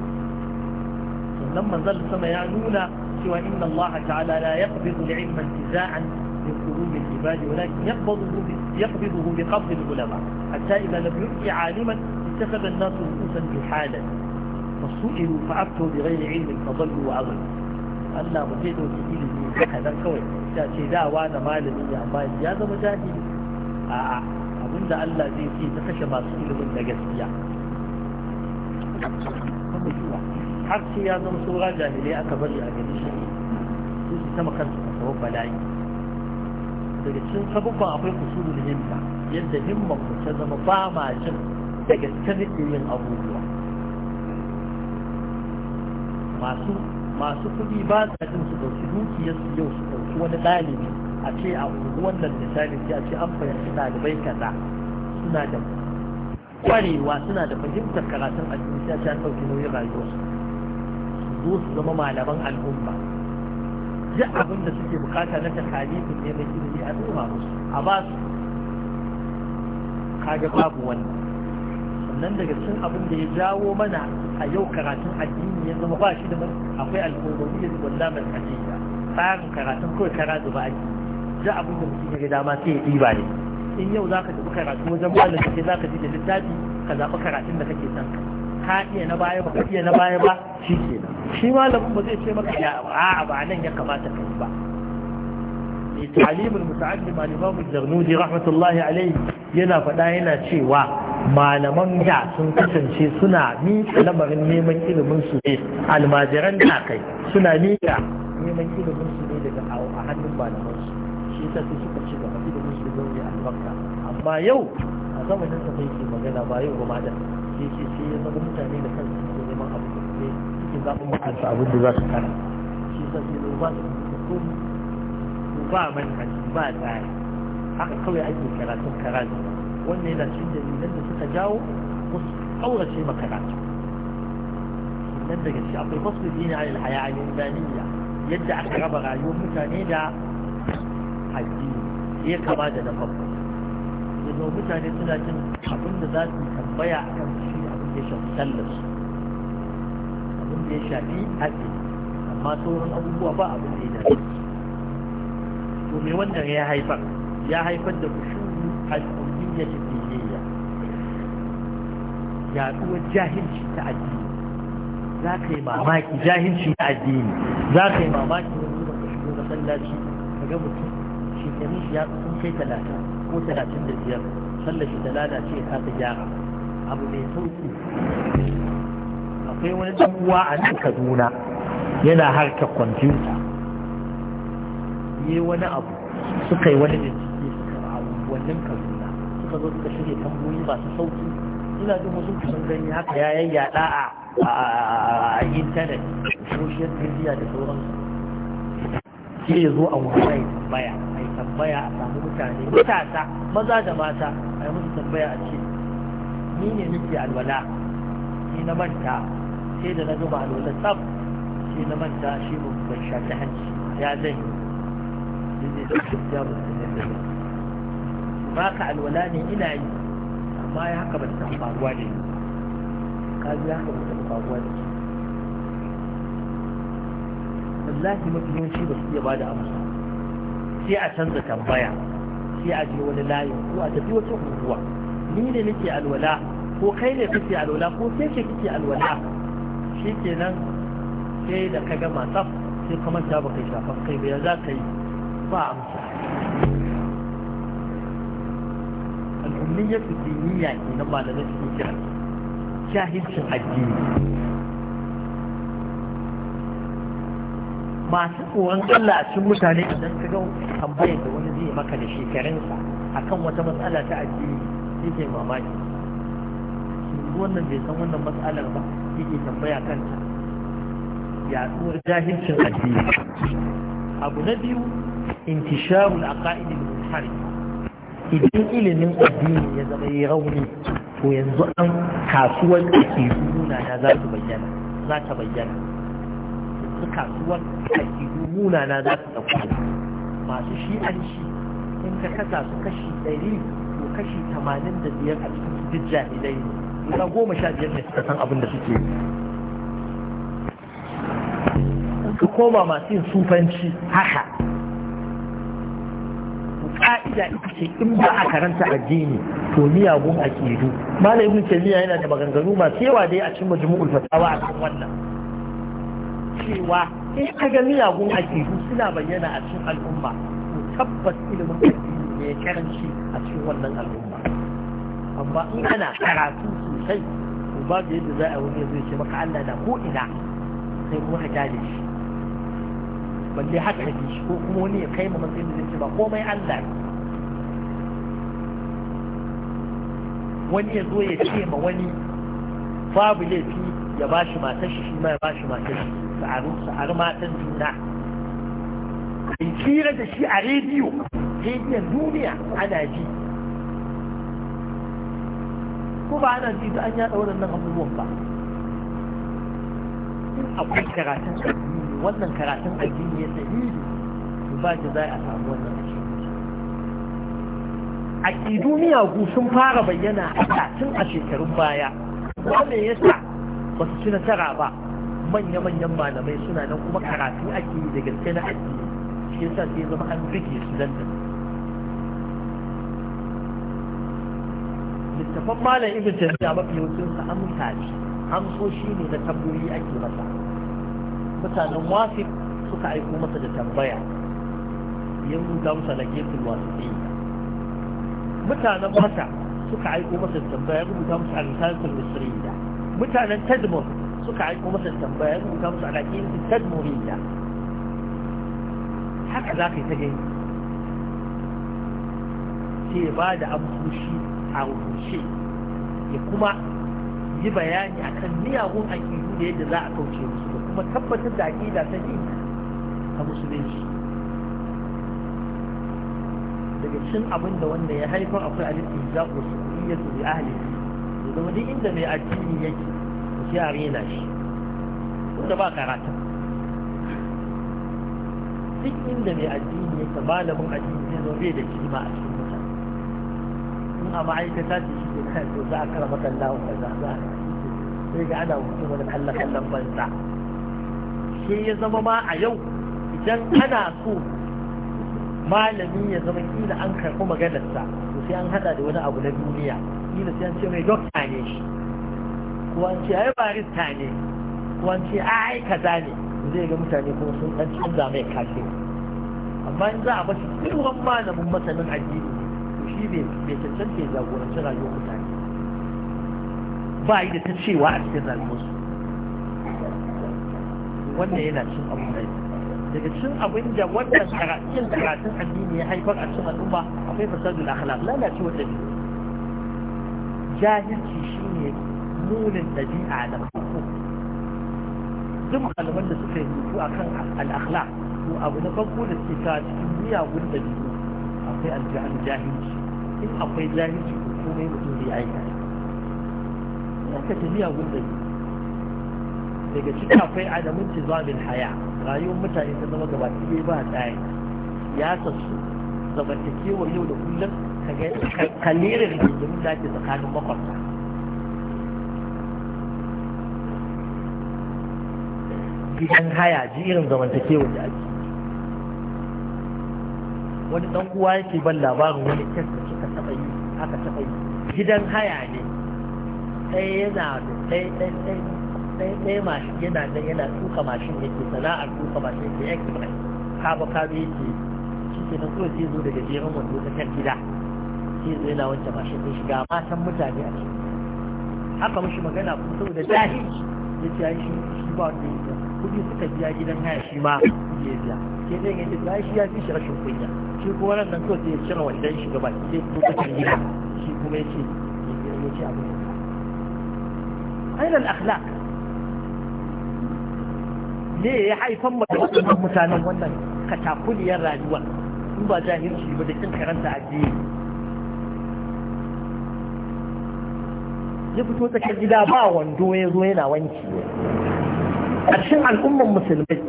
sannan manzo sama ya nuna cewa inna Allah ta'ala la yaqbidu al-ilma intiza'an min qulub al-ibad walakin yaqbiduhu yaqbiduhu bi qabd al-ulama hatta idha lam yu'ti 'aliman اتخذ الناس رؤوسا جحالا فسئلوا فأفتوا بغير علم فضلوا وأضلوا Allah mu zai ɗauki ilimi haka nan kawai ta ce da wani malami ne amma ya zama jahili a'a abinda Allah zai ce ta kashe masu ilimin na gaskiya har sai ya zama tsoron jahilai aka bari a gani shi sun su sama kansu a sabon bala'i daga cikin sabon akwai kusurul himma yadda himman ku ta zama ba ma jin daga gaske abubuwa masu masu kuɗi ba sa jin su dauki dukiyar su yau su dauki wani dalibi, a ce a wannan misali sai a ce an fahimci ɗalibai kaza suna da kwarewa suna da fahimtar karatun addini sai a ce an ɗauki nauyin rayuwarsu su zo su zama malaman al'umma duk abin da suke bukata na takalifin ne mai ilimi a nuna musu a ba su kaga babu wannan sannan daga cikin abin da ya jawo mana a yau karatun addini ya zama ba shi da akwai al'ummiyar wanda mai kajiya tsarin karatun kawai kara zuba ake ja abin da mutum ya dama sai ya ɗiba ne in yau za ka tafi karatu wajen malam sai za ka ji da littafi ka zaɓi karatun da kake son ka iya na baya ba ka iya na baya ba shi ke shi malamin ba zai ce maka ya a'a ba nan ya kamata ka yi ba تعليم المتعلم الإمام الزغنودي رحمة الله عليه yana faɗa, yana cewa. malaman da sun kasance suna miƙa lamarin neman ilimin su ne almajiran da kai suna miƙa neman ilimin su ne daga a hannun malaman su shi ta su suka ci gaba ilimin su ne albarka amma yau a zamanin sa bai ke magana ba yau ba da shi ce sai ya zama mutane da kansu suke neman abu da suke suke zaɓin mutansu abin da za su kara shi ta sai zo ba su ko ba manhaji ba tsari haka kawai ake karatun karatu wannan yana cikin dalilan da suka jawo wasu aurace makaratu sannan daga shi akwai fasul dini alil haya al-islamiyya yadda aka raba rayuwar mutane da addini ya kama da na farko yanzu mutane suna jin abin da za su tambaya a kan shi abin da ya shafi sallar su abin da ya shafi haɗe amma sauran abubuwa ba abin da ya dace to me wannan ya haifar ya haifar da kushu al tafiya ta biyayya yaduwar ta addini za ka yi mamaki jahilci ta addini za ka mamaki wani zuwa shigo masallaci ka ga mutum shekarun ya sun kai talata ko talatin da biyar sallar talata ce ta ta gyara abu mai sauki akwai wani ɗanuwa a nan kaduna yana harka kwamfuta yi wani abu suka yi wani bincike suka abubuwan nan kaduna suka zo suka shirya tambayoyi masu sauki ina jin wasu kusan gani haka ya da a intanet social media da sauransu sai ya zo a wasa ya tambaya a yi tambaya a samu mutane matasa maza da mata a yi musu tambaya a ce ni ne nake alwala sai na manta sai da na zuba alwala tsaf sai na manta shi ban shafi hanci ya zai yi zai zai ya Ba ka alwala ne ina yi amma ya haka ba ta faruwa da yi. ka ji haka ba ta faruwa da ni wallahi mafi yawanci ba su iya ba da amsa sai a canza tambaya sai a je wani layin ko a tafi wata unguwa ni ne nake alwala ko kai ne kake alwala ko sai ke kake alwala shi kenan sai da ka gama tsaf sai kamar ta baka shafan kai ba ya za ka yi ba amsa jahiliyyatu diniya na malamai suke kira jahilcin addini masu tsoron Allah a cikin mutane idan ka ga tambayar da wani zai maka da shekarunsa akan wata matsala ta addini sai yake mamaki wannan bai san wannan matsalar ba yake tambaya kanta yaduwar jahilcin addini abu na biyu intisharul aqaidil muharrif idan ilimin addini ya zama ya rauni to yanzu an kasuwar da ke na za su bayyana za ta bayyana yanzu kasuwar da ke na za su ɗauko masu shi an shi in ka kasa su kashi ɗari to kashi tamanin da biyar a cikin su duk jahilai ne guda goma sha biyar ne suka san abin da suke yi ka koma masu yin sufanci haka ka'ida ita ce in ba a karanta addini to miyagun akidu malam ibn taymiya yana da maganganu masu yawa dai a cikin majmu'ul fatawa a kan wannan cewa in ka ga miyagun akidu suna bayyana a cikin al'umma to tabbas ilimin addini ne ya karanci a cikin wannan al'umma amma in ana karatu sosai to babu yadda za a wani zai ce maka Allah na ko ina sai kuma ka gane shi balle haka ne shi ko kuma wani ya kai ma matsayin da zai ce ba komai an ne wani ya zo ya ce ma wani babu laifi ya ba shi matar shi shi ma ya ba shi matar shi sa'ar matan juna in kira da shi a rediyo rediyon duniya ana ji ko ba ana ji da an yaɗa waɗannan abubuwan ba akwai karatun addini wannan karatun addini ya sahihi to ba ki za a samu wannan a duniya ku sun fara bayyana a tun a shekarun baya wanda ya sa ba su ci nasara ba manya-manyan malamai suna nan kuma karatu ake yi da gaske na addini shi yasa sai zama an rige su nan da littafan malam ibn tafiya mafi yawancin sa amsa shi amso shi ne na tambayoyi ake masa mutanen wasif suka aiko masa da tambaya ya rubuta masa da gefen wasifiyya mutanen mata suka aiko masa da tambaya ya rubuta masa al-risalatul misriyya mutanen tadmur suka aiko masa da tambaya ya rubuta masa al-aqidatu tadmuriyya haka za ka yi ta gani sai ba da amfushi a rubuce ya kuma yi bayani akan miyagun aƙidu da yadda za a kauce musu tabbatar da aƙida ta ne ta musulunci daga cin abin da wanda ya haifar akwai alifin zaɓo su iya su bi ahli da zama duk inda mai addini yake sai a rena shi wanda ba karata duk inda mai addini yake malamin addini zai zo bai da kima a cikin mutane in a ma'aikata ce shi ne za a kara maka lawan kaza za a sai ga ana mutum wani kallon kallon banza sai ya zama ma a yau idan ana so malami ya zama kila an karɓi maganarsa to sai an haɗa da wani abu na duniya kila sai an ce mai dokta ne shi ko an ce ai barista ne ko an ce ai kaza ne zai ga mutane kuma sun ɗan canza mai kashe amma in za a bashi tsohon malamin masanin addini to shi bai cancanta ya jagoranci rayuwar mutane ba yi da ta cewa a cikin rayuwarsu wannan yana cin abu mai daga cin abin da wannan karatun karatun addini ya haifar a cin al'umma akwai fasadul akhlaq lalacewa da biyu jahilci shine munin dabi'a da farko duk malaman da suka yi rubutu akan al ko abu na farko da suke kawo cikin miyagun dabi'u akwai al jahilci in akwai jahilci ko komai mutum zai aika ya ka ta miyagun dabi'u daga cikin akwai adamin tizamin haya rayuwar mutane ta zama gaba cikin ba tsaye ya sassu zamantakewar yau da kullum ka lera rigingimin da ake tsakanin makwabta gidan haya ji irin zamantakewar da ake wani ɗan uwa yake ban labarin wani kes da suka taɓa yi aka taɓa yi gidan haya ne ɗaya yana da ɗaya ɗaya ɗaya ɗaya mashin yana nan yana tuka mashin yake sana'ar tuka mashin yake express kaba kaba yake shi ke nan kuma sai zo daga jerin wando ta kan gida sai zo yana wancan mashin ɗin shiga matan mutane a ciki haka mashi magana kuma saboda jahilci ya ce ai shi ba wanda ya kuɗi suka biya gidan haya shi ma ya biya ke ɗayan yake ce ai shi ya fi shi rashin kunya shi kuma nan kawai sai ya cire wandon shi gaba sai ta kan gida shi kuma ya ce ya ce abin aina al-akhlaq me ya haifan mata da waɗannan mutanen wannan katakuliyar rayuwa in ba jahilci ba da kin karanta addini ya fito tsakar gida ba wando ya zo yana wanki a cikin al'umman musulmai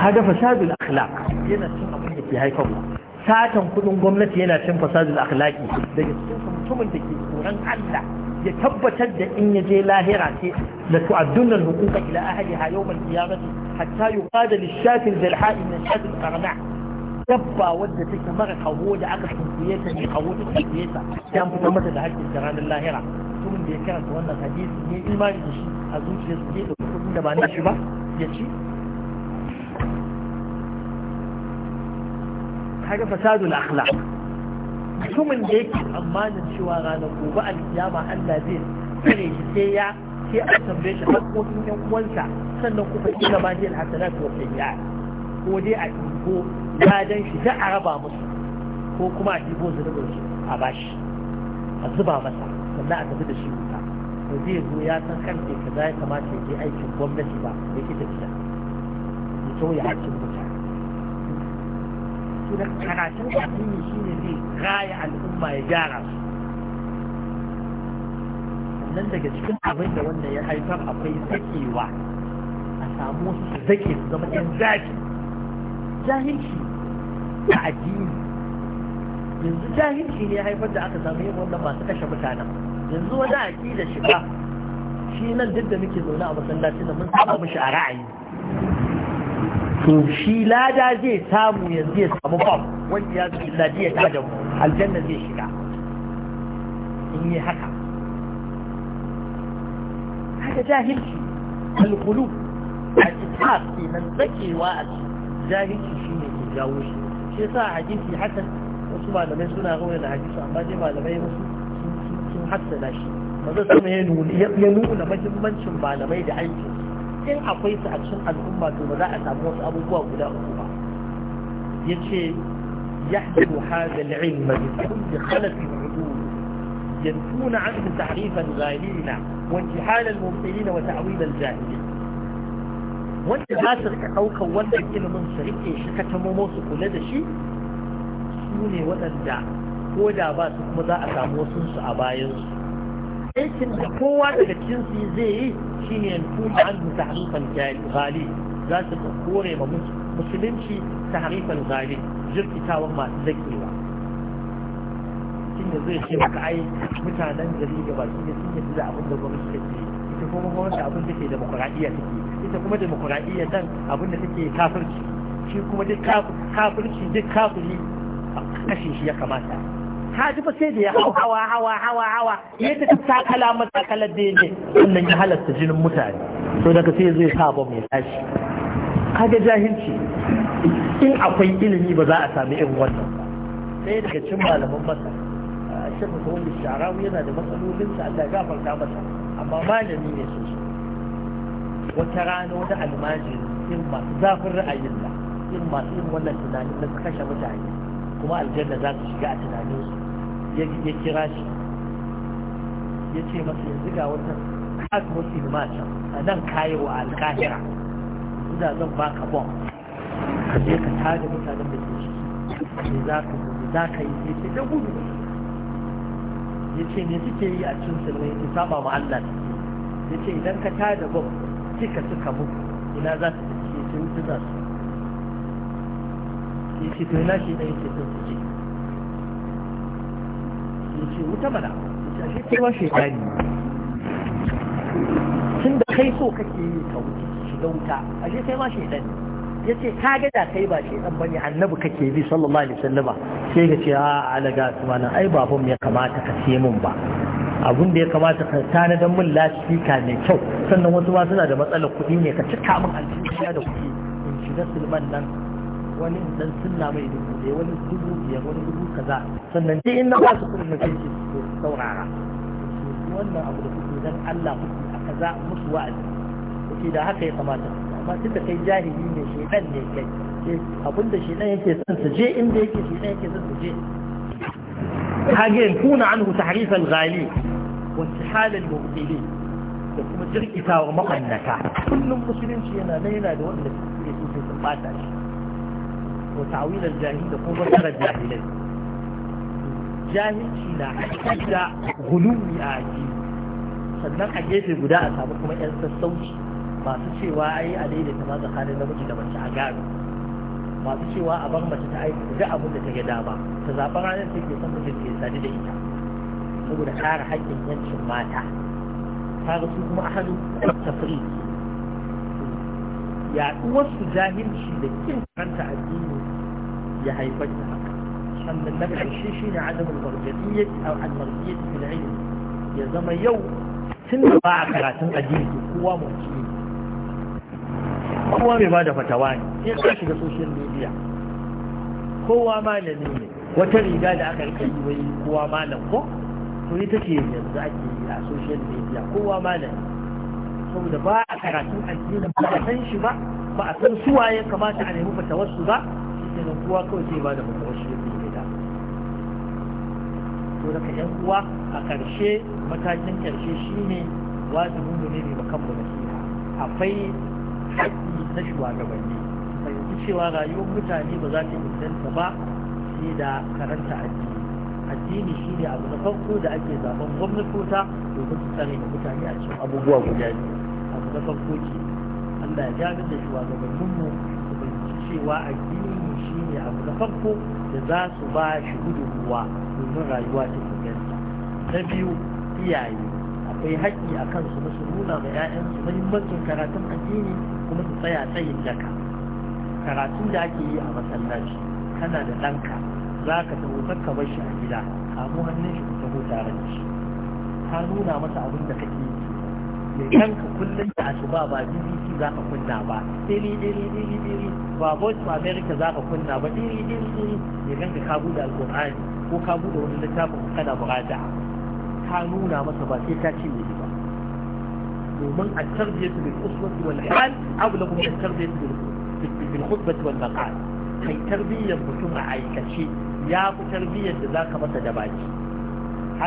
ka da fasadul akhlaq yana cin abin da ke haifarwa satan kudin gwamnati yana cin fasadul akhlaqi daga cikin mutumin da ke tsoron Allah ya tabbatar da in ya je lahira ce da tu'addun al-huquqa ila ha yau al-qiyamati hatta yuqada lish-shati al-zalha'i na shati al dabba wadda take mara kawo da aka tunkuye ta ne kawo ta tunkuye ta sai an mata da hakkin da ranar lahira mutumin da ya karanta wannan hadisi ne imani da shi a zuciyar su da kudin da ba na shi ba ya ci kaga fasadul akhlaq mutumin da yake tsammanin cewa ranar gobe alkiyama Allah zai tsare shi sai ya sai a tambaye shi haƙoƙin yan uwansa sannan kuma kila ba zai hasanat wa sayyi'at ko dai a ɗigo ladan shi da a raba musu ko kuma a ɗigo zunubin su a bashi a zuba masa sannan a tafi da shi wuta ba zai zo ya san kan kaza ya kamata ya je aikin gwamnati ba ya ki tafiya ya sauya hakkin mutane su da karatun addini shine zai raya al'umma ya gyara su Nan daga cikin abin da wannan ya haifar akwai zakewa a samu wasu su zake su zama yan zaki jahilci a addini yanzu jahilci ne ya haifar da aka samu yin wannan masu kashe mutanen yanzu wani aƙida shiga shi nan duk da muke zaune a masallaci nan mun saba shi a ra'ayi to shi lada zai samu yanzu ya samu fam wanda ya zai ladi ya tada mu aljanna zai shiga in yi haka haka jahilci alkulu a kitab kenan tsakewa a jahilci shi ne ke jawo shi shi yasa hadisi hasan wasu malamai suna rauna da hadisi amma dai malamai wasu sun hassana shi maza sama ya nuna mahimmancin malamai da aikin in akwai su a cikin al'umma to ba za a samu wasu abubuwa guda uku ba yace يحدث هذا العلم بكل خلف العدول ينفون عنه تعريف الغالين وانتحال المبطلين وتعويل الجاهلين wanda za su rika ɗaukan wannan ilimin su rike shi ka kula da shi su ne waɗanda ko da ba su kuma za a samu wasu a bayansu aikin da kowa daga cikin zai yi shine yankuba an tahrifan ghali za su kore ma musulunci tahrifan ghali jirkitawan masu zakewa mutum zai ce maka ai mutanen gari da baki da sun yadda abin da gwamnati take ita kuma gwamnati abin da ke demokuraɗiyya ke ita kuma demokuraɗiyya nan abin da take kafirci shi kuma duk kafirci duk kafiri a kashe shi ya kamata ka ji fa sai da ya hau hawa hawa hawa hawa ya ta takala matakalar da yake wannan ya halasta jinin mutane to daga sai zai sa ba mai tashi kaga jahilci in akwai ilimi ba za a sami irin wannan ba. sai daga cin malaman masa shi mutum wanda sharawi yana da matsalolinsa Allah ya gafarta masa amma malami ne sosai wata rana wata almajiri in masu zafin ra'ayin nan in masu yin wannan tunanin na kashe mutane kuma aljanna za su shiga a tunaninsu ya kira shi ya ce masa yanzu ga wata kag wasu ilmata a nan kayi wa alkahira ina zan baka bom ka je ka tada mutanen da ke ciki ne za ka za ka yi sai ce da gudu ya ce ne suke yi a cikin sirrai su saba ma Allah ta ya ce idan ka tada bom suka suka muku ina za su ce ce wuce za su ya ce to ina shi ɗaya ce sun su ce ce wuta mana ashe kai wa shekari tun da kai so kake yi ka wuce shiga wuta a shekai ma shekari ya ce ka gada kai ba shi, ba ne annabi kake bi sallallahu alaihi wasallama sai ka ce a alaga su mana ai babun ya kamata ka ce mun ba abun da ya kamata ka tanadar min lasifika mai kyau sannan wasu ma suna da matsalar kuɗi ne ka cika min alfiya da kuɗi in shiga sulman nan wani dan sunna mai dubu ɗaya wani dubu biyar wani dubu kaza sannan dai in na ba su kuɗin na sai ce su saurara wannan abu da kuke dan Allah kuke a kaza musu wa'azi kuke da haka ya kamata amma tun da kai jahili ne shedan ne kai abin da shedan yake son su je inda yake shedan yake son su je kage kuna anhu tahrif al-ghali wa intihal al-mubtilin da kuma jirkita wa maƙannata kullum musulunci yana da yana da wanda suke so sun su bata shi وتعويل الجاهل لكم وسر الجاهلين جاهل شنا حتى غلوم آجي sannan a gefe guda a samu kuma 'yan sassauci masu cewa ai a daidaita ma tsakanin namiji da mace a gado masu cewa a bar mace ta aiki duk abin da ta ga dama ta zaɓi ranar ta ke son mutum ke sadu da ita saboda kare haƙƙin yancin mata kaga su kuma ahalu tafriq yaɗuwar su jahilci da kin karanta addini ya haifar da haka sannan na ƙarshe shi ne adamin marjadiyyar a almarjiyyar fil ilmi ya zama yau tun da ba a karatun addini kowa mace ne kowa mai ba da fatawa ne sai ka shiga social media kowa malami ne wata riga da aka rike yi wai kowa malam ko to ita ce yanzu ake yi a social media kowa malami saboda ba a karatun addini ba a san shi ba ba a san suwa ya kamata a nemi fatawarsu ba shi kuwa kawai sai ba da matawashi yadda da to daga yan uwa a karshe matakin ƙarshe shine wajibin mu ne mai makanmu a akwai haƙƙi na shugabanni fahimci cewa rayuwar mutane ba za ta inganta ba sai da karanta addini addini shi ne abu na farko da ake zaben gwamnatota domin su tsare da mutane a cikin abubuwa guda biyu abu na farko ke Allah ya gani da shugabanninmu su fahimci cewa addini Da farko da za su ba shi gudunmuwa domin rayuwa ta inganta na biyu iyaye akwai haƙƙi a kansu na su nuna ga 'ya'yansu mahimmancin karatun addini kuma su tsaya tsayin daka karatun da ake yi a masallaci kana da ɗanka za ka taho ka bar shi a gida kamo hannun shi ka taho tare da shi ka nuna masa abin da kake yi yanka kullum da asuba ba bbc za ka kunna ba diri diri diri diri ba voice of america za ka kunna ba diri diri diri ya ganka ka bude alkur'ani ko ka bude wani littafin kana burada ka nuna masa ba sai ka ce ba domin a tarbiyatu bil uswati wal ihal ablagu min tarbiyatu bil khutbati wal maqal kai tarbiyyar mutum a aikace ya fi tarbiyyar da za ka masa da baki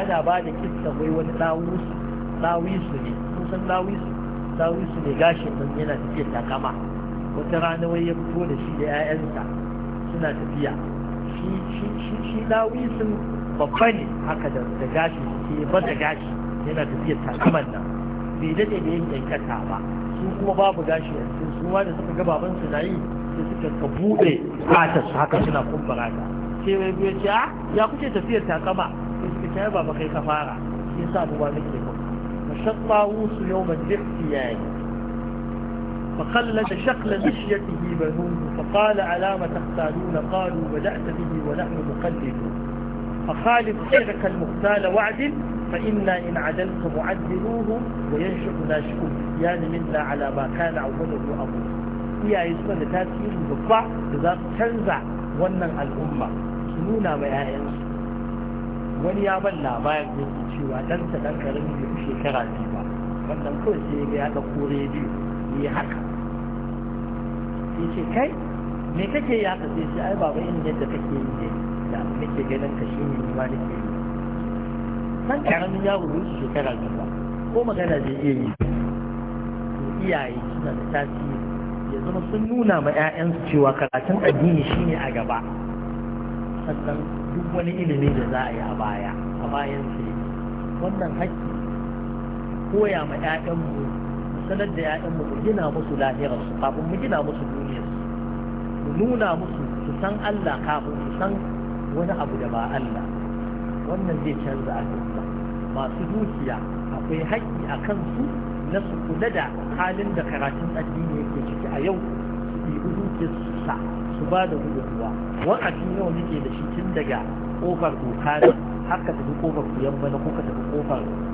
ana ba da kissa wai wani ɗawusu ne san dawisu dawisu ne gashin nan yana tafiya takama wata rana wai ya fito da shi da 'ya'yansa suna tafiya shi dawisun babba ne haka da gashi ke ba da gashi yana tafiya takaman nan bai daɗe da yin yankata ba su kuma babu gashi a cikin su da suka ga baban su na yi sai suka ka buɗe fatar su haka suna kumbura ta sai wai ya ce ah, ya kuke tafiyar takama sai suka ce ba kai ka fara shi yasa ba ba muke يغشى الطاووس يوم الذئب يعني فقلد شقل مشيته بنوه فقال على ما تختالون قالوا بدأت به ونحن مقلدون فخالف غيرك المختال وعدل فإنا إن عدلت معدلوه وينشق ناشئ يعني منا على ما كان أوله أبوه هي يسمى لتأثير الضبع إذا تنزع ونن الأمة سنونا ما يأينسوا wani ya ban labarin da ke cewa ɗansa ɗan garin da shekara biyu ba wannan kawai sai ga ya ɗauko rediyo ya haka sai ce kai me kake ya ka sai shi ai baba in da kake yi ne da kake ganin ka shi ne ma ke yi san karamin yaro da shi shekara biyu ba ko magana zai iya yi iyaye suna da tasiri ya zama sun nuna ma 'ya'yansu cewa karatun addini shine a gaba sannan duk wani ilimi da za a yi a baya a bayan sai wannan haƙƙi koya ma 'ya'yanmu sanar da 'ya'yanmu mu gina musu lahirarsu kafin mu gina musu duniyarsu mu nuna musu su san Allah kafin su san wani abu da ba Allah wannan zai canza al'umma masu dukiya akwai haƙƙi a kansu na su kula da halin da karatun addini yake ciki a yau su ɗibi su sa su ba da gudunmuwa wa'adi nawa nake da shi tun daga kofar doka har ka tafi kofar kuyan bana ko ka tafi kofar